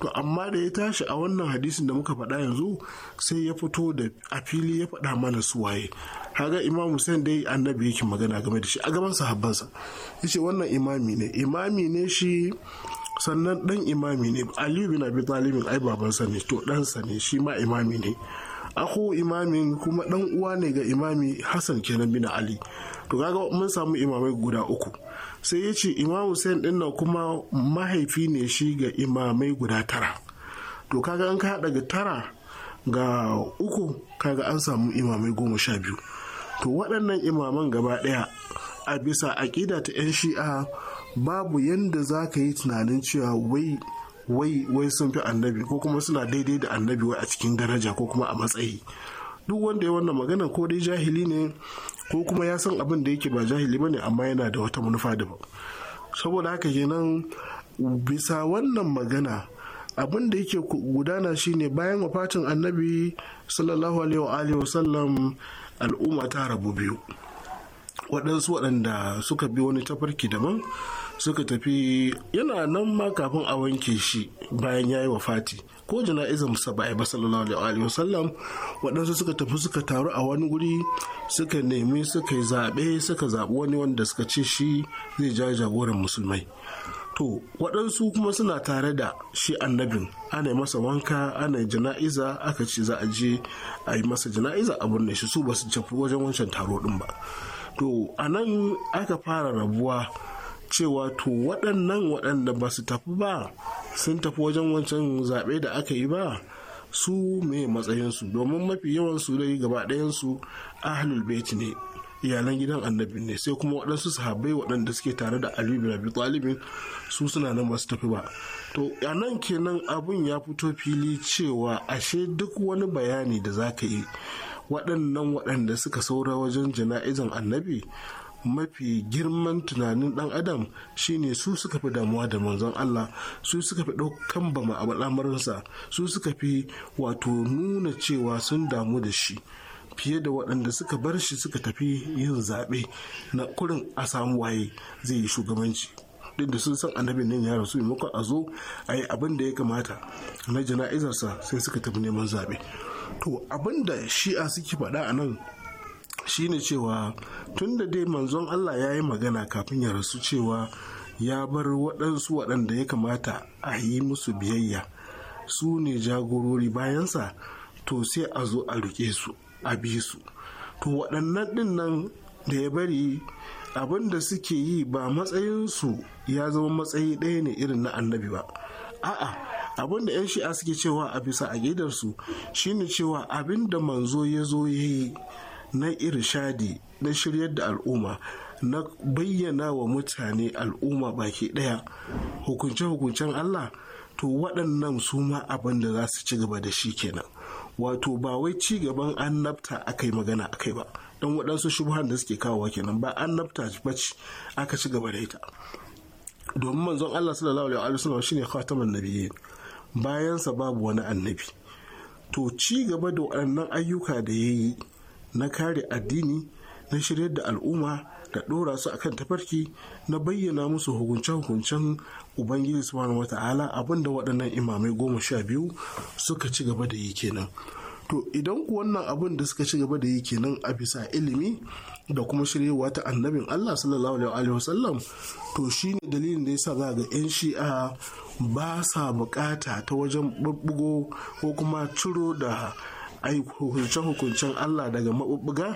to amma da ya tashi a wannan hadisin da muka faɗa yanzu sai ya fito da a fili ya faɗa mana su waye haga imam Hussein dai annabi yake magana game da shi a gaban sahabbansa yace wannan imami ne imami ne shi sannan dan imami ne Aliyu bin Abi talibin ai babansa ne to ɗansa ne shi ma imami ne ako imamin kuma dan uwa ne ga imami Hassan kenan bin Ali to kaga mun samu imamai guda uku sai ya ce imam hussein din nan kuma mahaifi ne shi ga imamai guda tara to kaga an ka ga tara ga uku kaga an samu imamai goma sha biyu to waɗannan imaman gaba ɗaya a bisa aƙida ta 'yan shi'a babu yadda za ka yi tunanin cewa wai wai wai sun fi annabi ko kuma suna daidai da annabi wai a cikin daraja ko kuma a matsayi duk wanda ya wannan magana ko dai jahili ne ko kuma ya san abin da yake ba jahili ba bane amma yana da wata manufa daban saboda haka kenan bisa wannan magana abin da yake gudana shine bayan wafatin annabi sallallahu alaihi wa sallam al'umma ta rabu biyu waɗansu waɗanda suka bi wani tafarki daban suka tafi yana nan ma kafin a wanke shi bayan ya yi wafati ko jana'izar musa ba a sallallahu alaihi wasallam waɗansu suka tafi suka taru a wani guri suka nemi suka yi zaɓe suka zaɓi wani wanda suka ce shi zai ja jagoran musulmai to waɗansu kuma suna tare da shi annabin ana yi masa wanka ana yi jana'iza aka ce za a je a yi masa jana'iza a burne shi su ba su tafi wajen wancan taro ɗin ba to a nan aka fara rabuwa cewa to waɗannan waɗanda ba su tafi ba sun tafi wajen wancan zaɓe da aka yi ba su mai matsayinsu domin mafi yawan su dai gaba ɗayansu ahlul bait ne iyalan gidan annabi ne sai kuma waɗansu sahabbai waɗanda suke tare da aliyu bin abi talibin su suna nan ba su tafi ba to a nan kenan abun ya fito fili cewa ashe duk wani bayani da za ka yi waɗannan waɗanda suka saura wajen jana'izan annabi mafi girman tunanin dan adam shine su suka fi damuwa da manzon Allah su suka fi ɗaukan ba al'amuransa su suka fi wato nuna cewa sun damu da shi fiye da waɗanda suka bar shi suka tafi yin zaɓe na kurin a samu waye zai yi shugabanci duk da sun san annabin nan ya rasu maimakon a zo a yi abin da ya kamata na jana'izarsa sai suka tafi neman zaɓe to abin da shi'a suke faɗa a nan shine cewa tun da dai manzon Allah ya yi magana kafin ya rasu cewa ya bar waɗansu waɗanda ya kamata a yi musu biyayya su ne jagorori bayansa to sai a zo a riƙe su a bi su to waɗannan ɗin nan da ya bari abin da suke yi ba matsayinsu ya zama matsayi ɗaya ne irin na annabi ba a'a abin da 'yan shi'a suke cewa a bisa aƙidarsu shine cewa abin da manzo ya zo ya yi na irshadi na shiryar da al'umma na bayyana wa mutane al'umma baki ɗaya hukunce-hukuncen Allah to waɗannan su ma abin da za su ci gaba da shi kenan wato ba wai ci gaban annabta aka yi magana aka ba don waɗansu shubuhan da suke kawowa kenan ba annabta ba ci aka ci gaba da ita domin manzon Allah sallallahu alaihi wasallam shine khataman nabiyyin bayansa babu wani annabi to ci gaba da waɗannan ayyuka da ya yi na kare addini na shiryar da al'umma da ɗora su kan tafarki na bayyana musu hukunce-hukuncen ubangiji subhanahu wata'ala abinda waɗannan imamai goma sha biyu suka ci gaba da yi kenan to idan ku wannan abin da suka ci gaba da yi kenan a bisa ilimi da kuma shiryewa ta annabin Allah sallallahu alaihi wasallam to shi ne dalilin da ya sa za ga yan shi'a ba sa bukata ta wajen bubbugo ko kuma ciro da hukunce-hukuncen Allah daga maɓuɓɓuga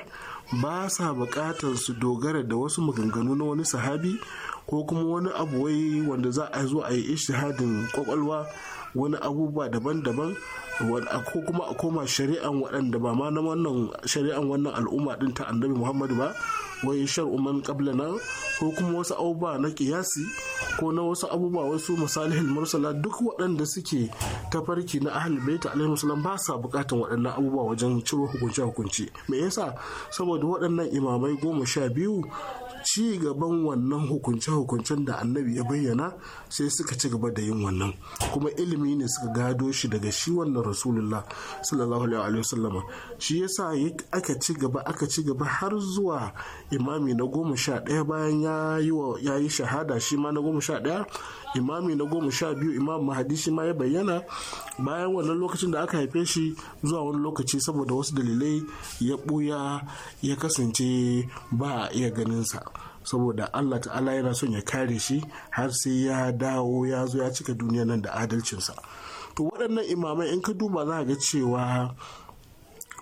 ba sa buƙatar su dogara da wasu maganganu na wani sahabi ko kuma wani abu wai wanda za a zo a yi ishihadin kwakwalwa wani abubuwa daban-daban ko kuma a koma shari'an waɗanda ba ma na wannan shari'an wannan al'umma ɗin ta annabi muhammadu ba wai shar man qablana ko kuma wasu abubuwa na kiyasi ko na wasu abubuwa wasu masalihin mursala duk waɗanda suke tafarki na ahlul bait alaihi wasallam ba sa bukatan waɗannan abubuwa wajen ciro hukunce hukunci me yasa saboda waɗannan imamai goma sha biyu ci gaban wannan hukunce-hukuncen da annabi ya bayyana sai suka ci gaba da yin wannan kuma ilimi ne suka gado shi daga shi wannan rasulullah sallallahu alaihi wasallam shi yasa aka ci gaba aka ci gaba har zuwa imami na goma sha ɗaya bayan ya yi shahada shi ma na goma sha ɗaya imami na goma sha biyu imam mahadisi ma ya bayyana bayan wannan lokacin da aka haife shi zuwa wani lokaci saboda wasu dalilai ya ɓuya ya kasance ba a iya ganinsa saboda allah ta'ala yana son ya kare shi har sai ya dawo ya zo ya cika duniya nan da adalcinsa to waɗannan imamai in ka duba za ga cewa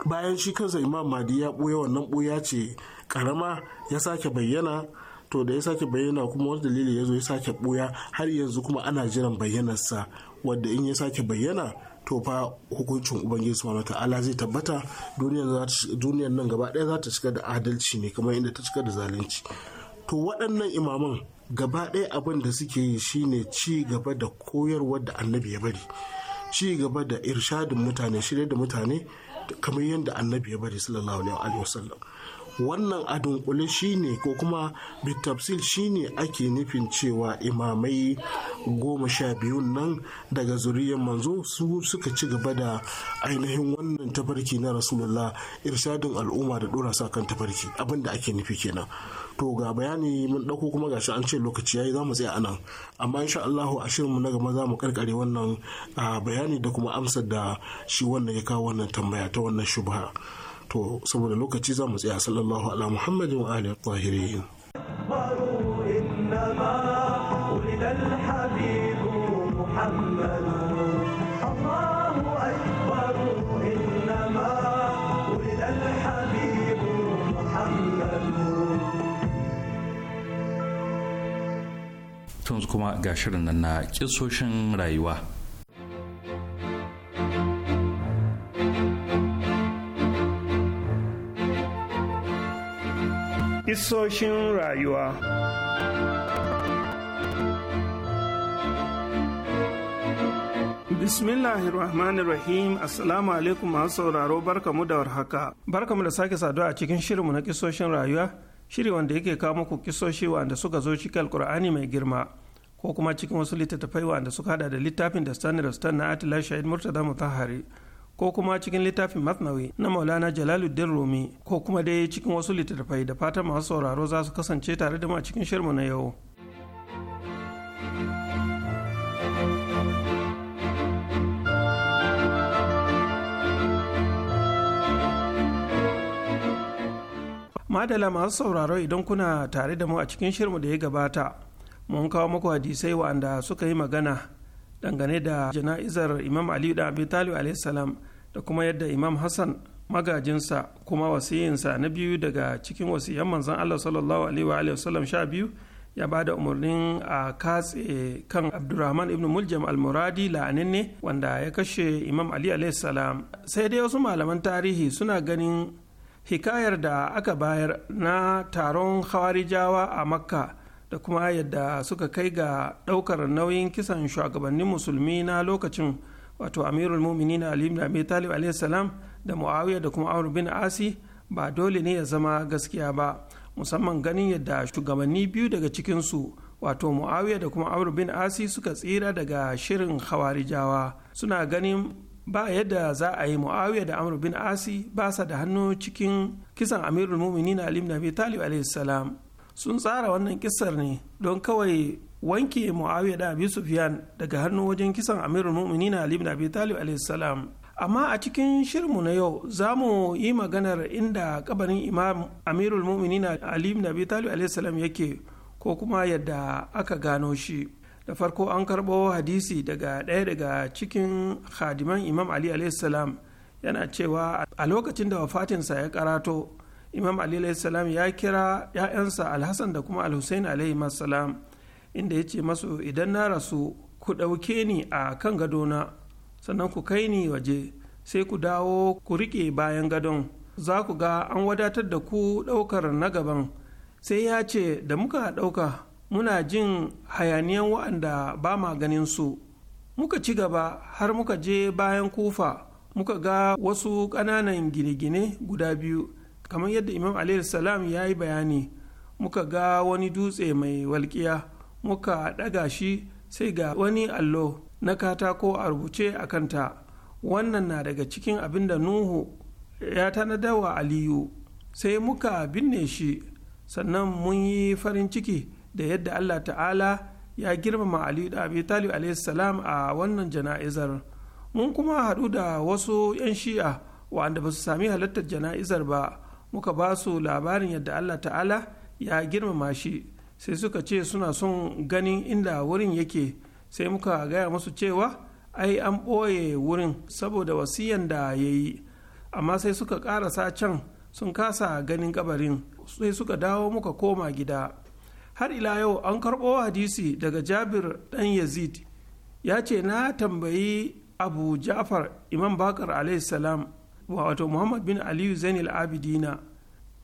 bayan shi kansa imam mahdi ya ɓuya wannan ɓuya ce ƙarama ya sake bayyana to da ya sake bayyana kuma wani dalili ya zo ya sake buya har yanzu kuma ana jiran bayyanarsa wadda in ya sake bayyana to fa hukuncin ubangiji subhanahu ta'ala zai tabbata duniyar nan gaba ɗaya za ta cika da adalci ne kamar inda ta cika da zalunci to waɗannan imaman gaba ɗaya abin da suke yi shine ci gaba da koyarwa da annabi ya bari ci gaba da irshadin mutane shirya da mutane kamar yadda annabi ya bari sallallahu alaihi wasallam wannan a dunkule shine ko kuma bitafsil shine ake nufin cewa imamai goma sha biyun nan daga zuriyar manzo su suka ci gaba da ainihin wannan tafarki na rasulullah irshadin al'umma da dora sa kan tafarki abinda ake nufi kenan to ga bayani mun dauko kuma gashi an ce lokaci yayi za mu tsaya anan amma insha Allah a shirin mu na gaba za mu karkare wannan ah, bayani da kuma amsar da shi wannan ya kawo wannan tambaya ta wannan shubha to saboda lokaci za mu tsaya sallallahu ala muhammadin wa alihi tahirin kuma ga shirin nan na kisoshin rayuwa. Isoshin rayuwa. Bismillahirrahmanirrahim Assalamu alaikum masu sauraro barkamu da warhaka. Barkamu da sake saduwa a cikin shirinmu na kisoshin rayuwa, shiri wanda yake kawo muku kisoshi wanda suka zo cikin Alkur'ani mai girma. ko kuma cikin wasu littattafai wanda suka hada da littafin da stanley na atila shahid murtada mutahari ko kuma cikin littafin masnawi na maulana jalaluddin rumi ko kuma dai cikin wasu littattafai da fatan masu sauraro za su kasance tare da mu a cikin shirmu na yau madala masu sauraro idan kuna tare da mu a cikin shirmu da ya gabata mun kawo muku hadisai wa'anda suka yi magana dangane da jana'izar imam aliyu da abi talib alaihissalam da kuma yadda imam hassan magajinsa kuma wasiyinsa na biyu daga cikin wasiyan manzan allah sallallahu alaihi wa sallam sha biyu ya ba da umarnin a katse kan abdurrahman ibn muljam almuradi la'anin ne wanda ya kashe imam ali salam sai dai wasu malaman tarihi suna ganin hikayar da aka bayar na taron hawarijawa a makka da kuma yadda suka kai ga ɗaukar nauyin kisan shugabannin musulmi na lokacin wato amirul muminin ali ibn abi talib salam da muawiya da kuma amr bin asi ba dole ne ya zama gaskiya ba musamman ganin yadda shugabanni biyu daga cikinsu wato muawiya da kuma amr bin asi suka tsira daga shirin hawarijawa suna ganin ba yadda za a yi muawiya da amr bin asi ba sa da hannu cikin kisan amirul muminin ali ibn abi talib salam sun tsara wannan kisar ne don kawai wanke muawiya da abi sufyan daga hannu wajen kisan amirul mu'minin ali ibn abi talib alaihissalam amma a cikin shirmu na yau za mu yi maganar inda kabarin imam amirul mu'minin ali ibn abi talib alaihissalam yake ko kuma yadda aka gano shi da farko an karɓo hadisi daga ɗaya daga cikin hadiman imam ali alaihissalam yana cewa a lokacin da wafatinsa ya karato imam ali salam ya kira ‘ya'yansa alhassan da kuma alhussein alaihi salam inda ya ce masu idan na rasu ku ɗauke ni a kan gadona sannan ku kai ni waje sai ku dawo ku riƙe bayan gadon za ku ga an wadatar da ku ɗaukar na gaban sai ya ce da muka ɗauka muna jin hayaniyan wa'anda ba ma ganin su muka ci gaba har muka je bayan kufa muka ga wasu ƙananan gine-gine guda biyu kamar yadda imam salam ya yi bayani muka ga wani dutse mai walƙiya muka ɗaga shi sai ga wani allo na katako a rubuce a kanta wannan na daga cikin abin da nuhu ya tanadawa aliyu sai muka binne shi sannan mun yi farin ciki da yadda allah ta'ala ya girmama aliyu da abi talib salam a wannan jana'izar mun kuma haɗu da wasu 'yan shi'a wa'anda ba su sami halartar jana'izar ba muka ba su labarin yadda allah ta'ala ya girmama shi sai suka ce suna son ganin inda wurin yake sai muka gaya musu cewa ai an ɓoye wurin saboda wasiyan da ya yi amma sai suka ƙarasa can sun kasa ganin kabarin sai suka dawo muka koma gida har ila yau an karɓo hadisi daga jabir ɗan yazid ya ce na tambayi abu ja'far imam bakar salam wato muhammad bin aliyu zainul abidina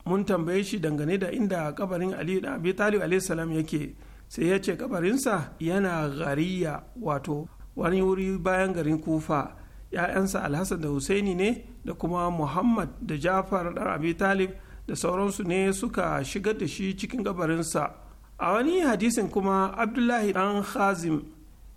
mun tambaye shi dangane da inda kabarin aliyu da abi talib alaihissalam yake sai ya ce kabarinsa yana gariya wato wani wuri bayan garin kufa ‘ya'yansa alhassan da husaini ne da kuma muhammad da jafar ɗan abi talib da sauransu ne suka shigar da shi cikin gabarinsa a wani hadisin kuma abdullahi ɗan hazim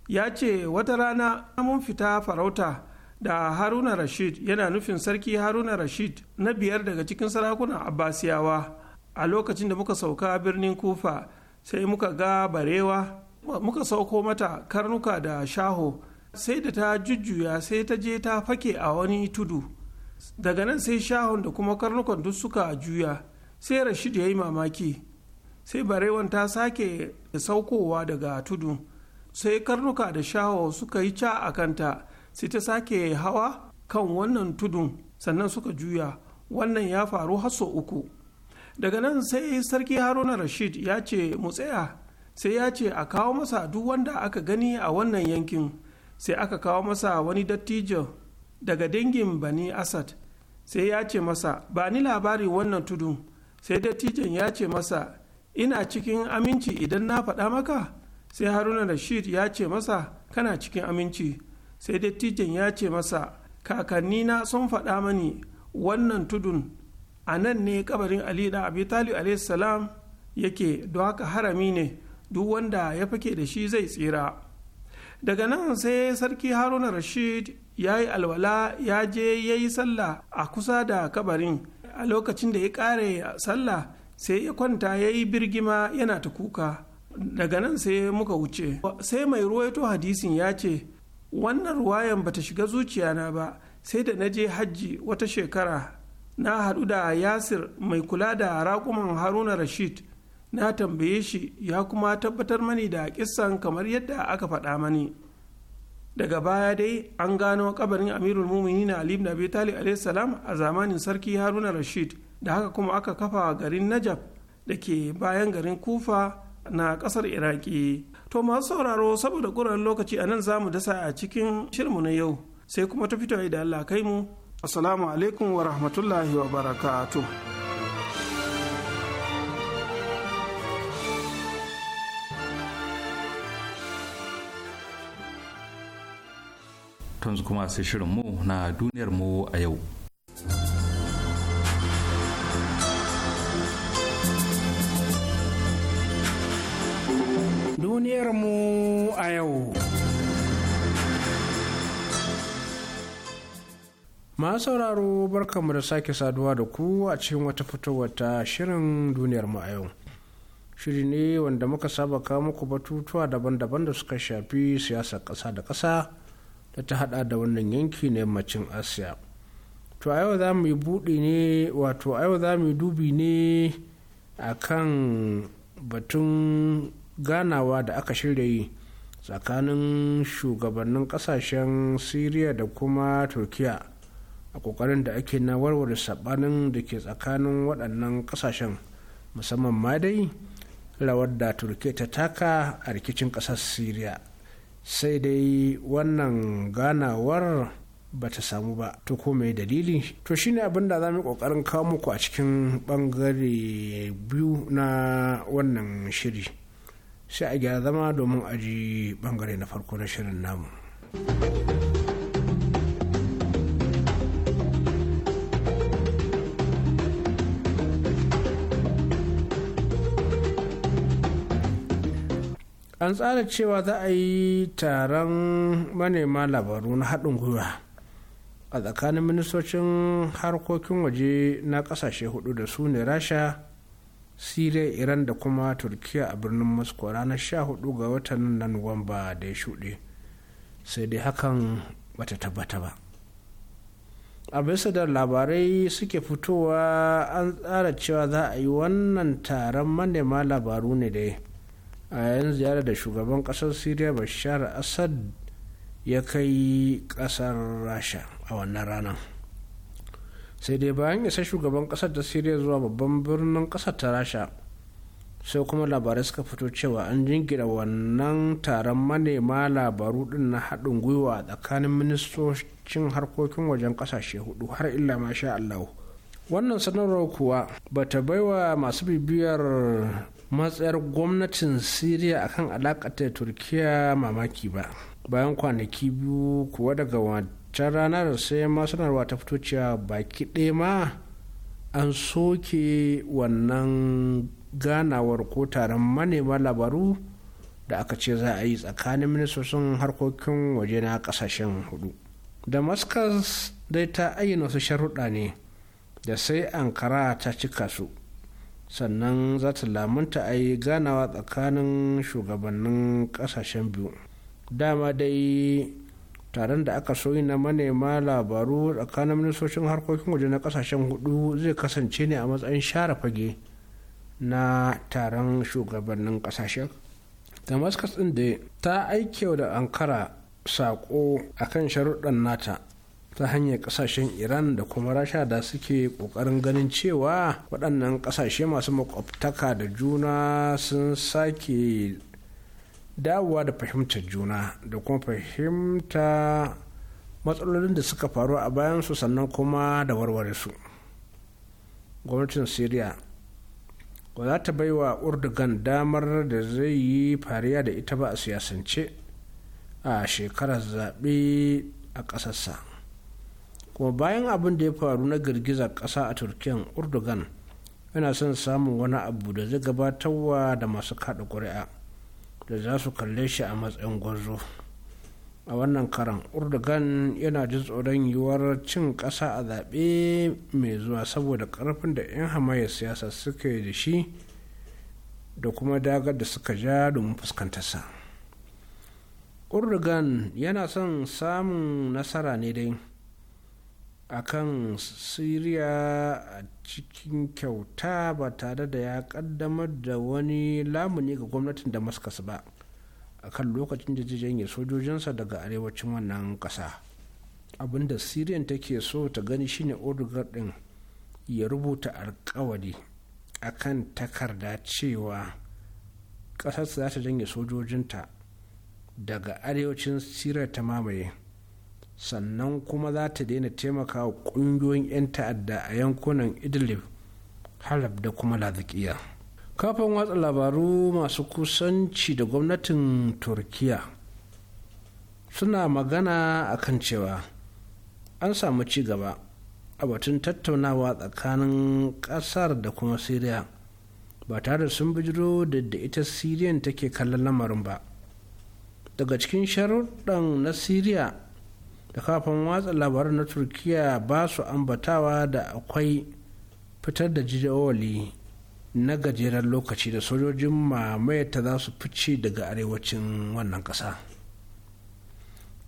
ya ce wata rana mun fita farauta da haruna rashid yana nufin sarki haruna rashid na biyar daga cikin sarakunan abbasiyawa a lokacin da muka sauka birnin kufa sai muka ga barewa muka sauko mata karnuka da shaho sai da ta jujjuya sai ta je ta fake a wani tudu daga nan sai shahon da kuma karnukan duk suka juya sai rashid ya yi mamaki sai barewan ta sake da saukowa daga tudu sai karnuka da shaho suka yi ca a kanta sai ta sake hawa kan wannan tudun sannan suka juya wannan ya faru haso uku daga nan sai sarki haruna rashid ya ce mu tsaya sai ya ce a kawo masa duk wanda aka gani a wannan yankin sai aka kawo masa wani dattijo daga dangin bani asad sai ya ce masa ba ni labarin wannan tudun sai dattijon ya ce masa ina cikin aminci idan na faɗa maka sai haruna rashid ya ce masa kana cikin aminci sai dattijan ya ce masa na sun faɗa mani wannan tudun a nan ne kabarin ali da abi talib salam yake don haka harami ne duk wanda ya fake da shi zai tsira daga nan sai sarki haruna rashid ya yi alwala ya je ya yi sallah a kusa da kabarin a lokacin da ya kare sallah sai ya kwanta ya yi birgima yana ta kuka daga nan sai muka wuce sai mai ruwaito hadisin ya ce wannan ruwayan bata shiga zuciya na ba sai da na je hajji wata shekara na haɗu da yasir mai kula da raƙuman haruna rashid na tambaye shi ya kuma tabbatar mani da kissan kamar yadda aka faɗa mani daga baya dai an gano kabarin amirul muminin ali ibn abi talib a zamanin sarki haruna rashid da haka kuma aka kafa garin najaf da ke bayan garin kufa na ƙasar iraki to masu sauraro saboda ƙuran lokaci a nan zamu dasa a cikin shirmu na yau sai kuma ta fito da Allah kai mu assalamu alaikum wa rahmatullahi wa barakatuh tunzu kuma sai shirin mu na duniyar mu a yau. duniyarmu a yau. Masu sauraro barkanmu da sake saduwa da ku a cikin wata fitowar ta shirin duniyarmu a yau. Shiri ne wanda muka saba kawo muku batutuwa daban-daban da suka shafi siyasar ƙasa da ƙasa da ta hada da wannan yanki na yammacin Asiya. To a yau za mu yi buɗi ne wato a yau za mu yi dubi ne a kan batun ganawa da aka shirya yi tsakanin shugabannin kasashen syria da kuma turkiya a kokarin da ake na warware sabanin da ke tsakanin waɗannan kasashen musamman ma dai rawar da turkiya ta taka a rikicin ƙasar syria sai dai wannan ganawar ba ta samu ba to ko mai dalili to shine abin da za mu kokarin kawo muku a cikin bangare biyu na wannan shiri sai a gyara zama domin a ji bangare na farko na shirin namu. an tsara cewa za a yi taron manema labaru na haɗin gwiwa a tsakanin ministocin harkokin waje na ƙasashe hudu da su ne rasha siriya iran da kuma turkiya a birnin moscow ranar 14 ga watan na nuwamba da ya shuɗe sai dai hakan bata tabbata ba a bisa da labarai suke fitowa an tsara cewa za a yi wannan taron manema labaru ne dai a yayin ziyarar da shugaban kasar syria bashar Asad ya kai kasar rasha a wannan ranar sai dai bayan isa shugaban kasar ta siriya zuwa babban birnin kasar ta rasha sai kuma labarai suka fito cewa an jingina wannan taron manema labaru din na haɗin gwiwa tsakanin ministocin harkokin wajen ƙasashe hudu har illa ma masha allah wannan sanarwar kuwa ba ta baiwa masu bibiyar matsayar gwamnatin siriya akan alakata turkiya mamaki ba bayan kwanaki biyu kuwa daga can ranar sai ma sanarwa ta fito cewa baki ɗaya ma an soke wannan ganawar ko taron manema labaru da aka ce za a yi tsakanin ministocin harkokin waje na kasashen hudu damascus dai ta ayyana wasu sharuɗa ne da sai ankara ta cika su sannan za ta lamunta a yi ganawa tsakanin shugabannin kasashen biyu dama dai taron da aka soyi na manema labaru tsakanin ministocin harkokin waje na kasashen hudu zai kasance ne a matsayin share fage na taron shugabannin kasashen damascus din da ta aikewa da ankara sako kan sharuɗan nata ta hanyar kasashen iran da kuma rasha da suke ƙoƙarin ganin cewa waɗannan ƙasashe masu makwabtaka da juna sun sake dawowa da fahimtar juna da kuma fahimta matsalolin da suka faru a bayansu sannan kuma da warware su gwamnatin syria ba za ta bai wa urdugan damar da zai yi fariya da ita ba a siyasance a shekarar zaɓe a ƙasarsa kuma bayan abin da ya faru na girgizar ƙasa a turkiyan urdugan yana son samun wani abu da zai gabatarwa da masu kaɗa ƙuri'a da za su kalle shi a matsayin gwazo a wannan karan urdugan yana jin tsoron yiwuwar cin ƙasa a zaɓe mai zuwa saboda ƙarfin da 'yan hamayar siyasa suka da shi da kuma dagar da suka ja domin fuskantarsa urdugan yana son samun nasara ne dai a kan syria a cikin kyauta ba tare da ya kaddamar da wani lamuni ga gwamnatin damascus ba a kan lokacin da janye sojojinsa daga arewacin wannan kasa abinda syrian take so ta gani shine odugar din ya rubuta alkawari a kan takarda cewa ƙasarsa za ta janye sojojinta daga arewacin syria ta mamaye sannan kuma za ta daina taimaka wa ƙungiyoyin 'yan ta'adda a yankunan idlib halab da kuma lazikiya kafin watsa labaru masu kusanci da gwamnatin turkiya suna magana a kan cewa an samu ci gaba a batun tattaunawa tsakanin ƙasar da kuma syria ba tare da sun bijiro da ita siriyan take kallon lamarin ba daga cikin sharuɗan na syria. da kafin watsa labaran na turkiya ba su ambatawa da akwai fitar da jidawali na gajeren lokaci da sojojin mamayata za su fice daga arewacin wannan ƙasa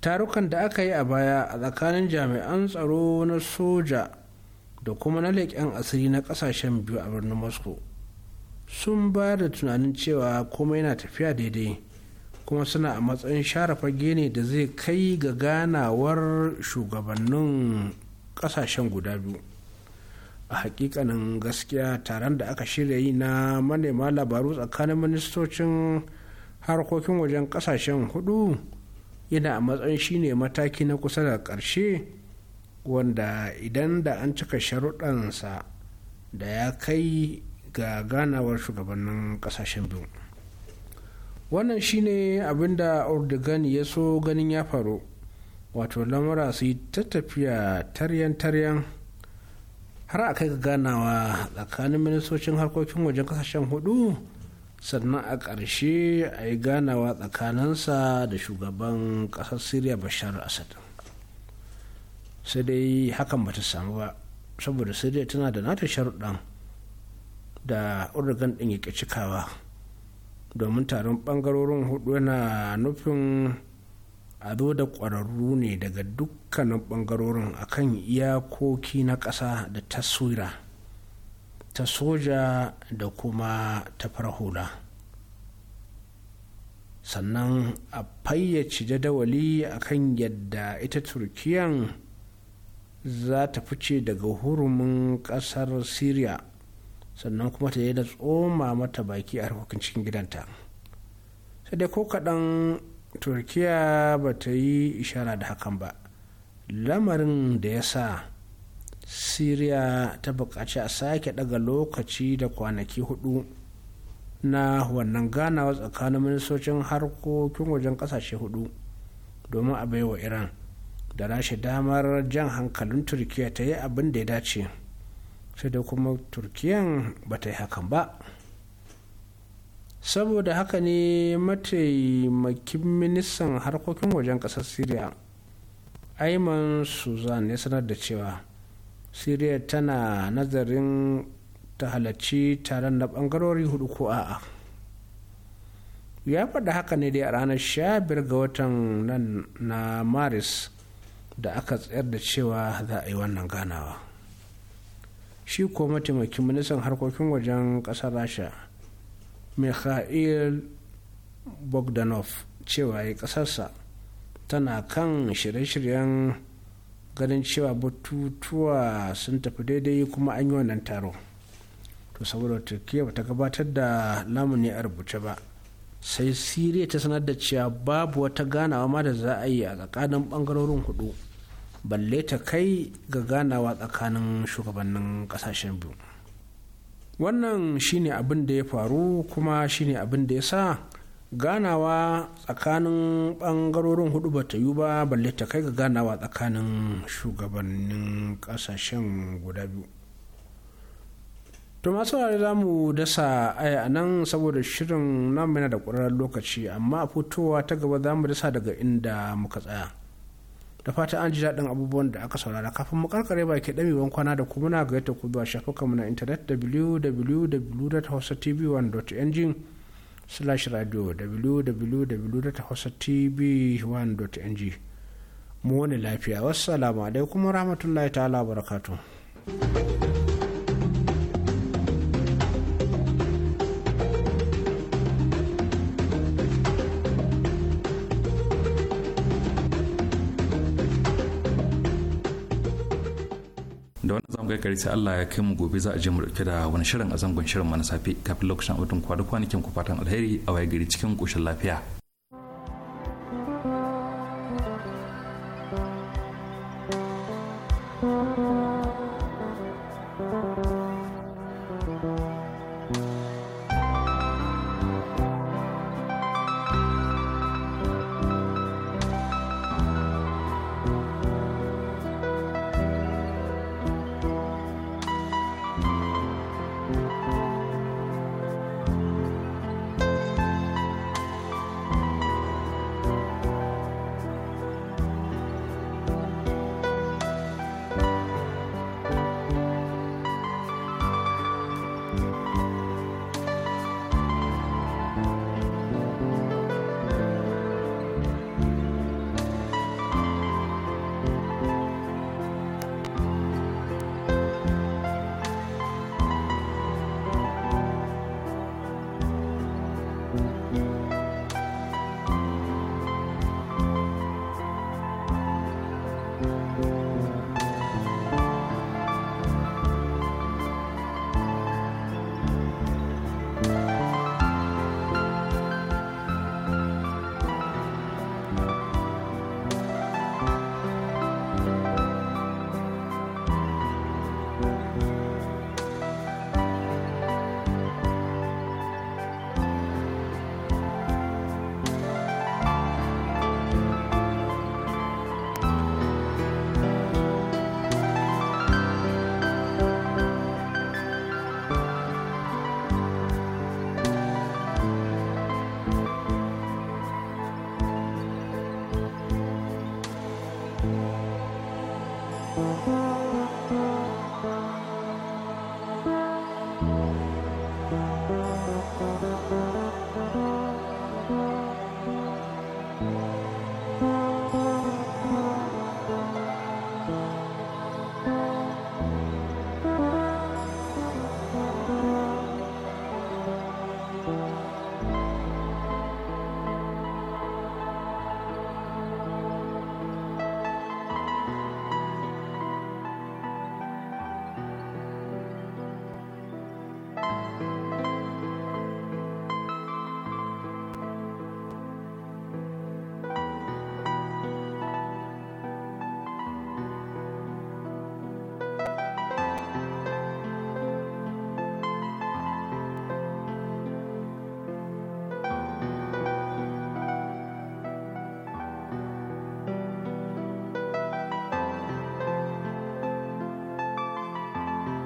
tarukan da aka yi a baya a tsakanin jami'an tsaro na soja da kuma na leƙen asiri na ƙasashen biyu a birnin moscow sun ba da tunanin cewa komai yana tafiya daidai kuma suna a matsayin share fage ne da zai kai ga ganawar shugabannin kasashen guda biyu a hakikanin gaskiya taron da aka shirya yi na manema labaru tsakanin ministocin harkokin wajen kasashen hudu yana a matsayin shine mataki na kusa da ƙarshe wanda idan da an cika sharuɗansa da ya kai ga ganawar shugabannin kasashen biyu wannan shine da urdugan ya so ganin ya faru wato lamura su yi ta tafiya taryan-taryan har a kai ga ganawa tsakanin ministocin harkokin wajen kasashen hudu sannan a ƙarshe a yi ganawa tsakaninsa da shugaban ƙasar syria bashar asad sai dai hakan bata samu ba saboda syria tana da nata sharuɗan da urdugan ɗin ya cikawa domin taron bangarorin hudu yana nufin a zo da ƙwararru ne daga dukkanin bangarorin akan iyakoki na ƙasa da taswira ta soja da kuma ta hula sannan a fayyace jadawali akan yadda ita turkiyan za ta fice daga hurumin ƙasar syria sannan kuma ta yi da tsoma mata baki a harkokin cikin gidanta sai dai ko kaɗan turkiya ba ta yi ishara da hakan ba lamarin da ya sa syria ta buƙaci a sake ɗaga lokaci da kwanaki hudu na wannan ganawa tsakanin ministocin harkokin wajen ƙasashe hudu domin a baiwa iran da rashi damar jan hankalin turkiya ta yi abin da ya dace sai da kuma turkiyan ba ta yi hakan ba saboda haka ne mataimakin ministan harkokin wajen ƙasar syria aiman suzan ya sanar da cewa syria tana nazarin ta halarci taron na bangarori hudu ko a'a ya faɗa haka ne dai a ranar 15 ga watan nan na maris da aka tsayar da cewa za a yi wannan ganawa shi ko mataimakin ministan harkokin wajen ƙasar rasha mikhail bogdanov cewa ya ƙasarsa tana kan shirye-shiryen ganin cewa batutuwa sun tafi daidai kuma an yi wannan taro to saboda turkiya ta gabatar da lamuni a rubuce ba sai siriya ta sanar da cewa babu wata ganawa ma da za a yi a tsakanin bangarorin hudu balle ta kai ga ganawa tsakanin shugabannin kasashen biyu wannan shine abin da ya faru kuma shine abin da ya sa ganawa tsakanin bangarorin hudu ba ta yi ba balle ta kai ga ganawa tsakanin shugabannin kasashen guda biyu to masu za mu dasa aya nan saboda shirin nan yana da ƙwararren lokaci amma a fitowa ta gaba za mu dasa daga inda muka tsaya da fata an ji daɗin abubuwan da aka saurara kafin mu karkare ba ke ɗamewan kwana da kuma na gayyata ku zuwa shafukanmu na intanet wwwtv 1ng slash radio wwwtv 1ng mu wani lafiya wasu wassalamu alaikum rahmatullahi ta'ala barakatu. gari sai Allah ya kai mu gobe za a je mu dauke da wani shirin a zangon shirin mana safe kafin lokacin abin kwa da kwanakin ku fatan alheri a waye gari cikin koshin lafiya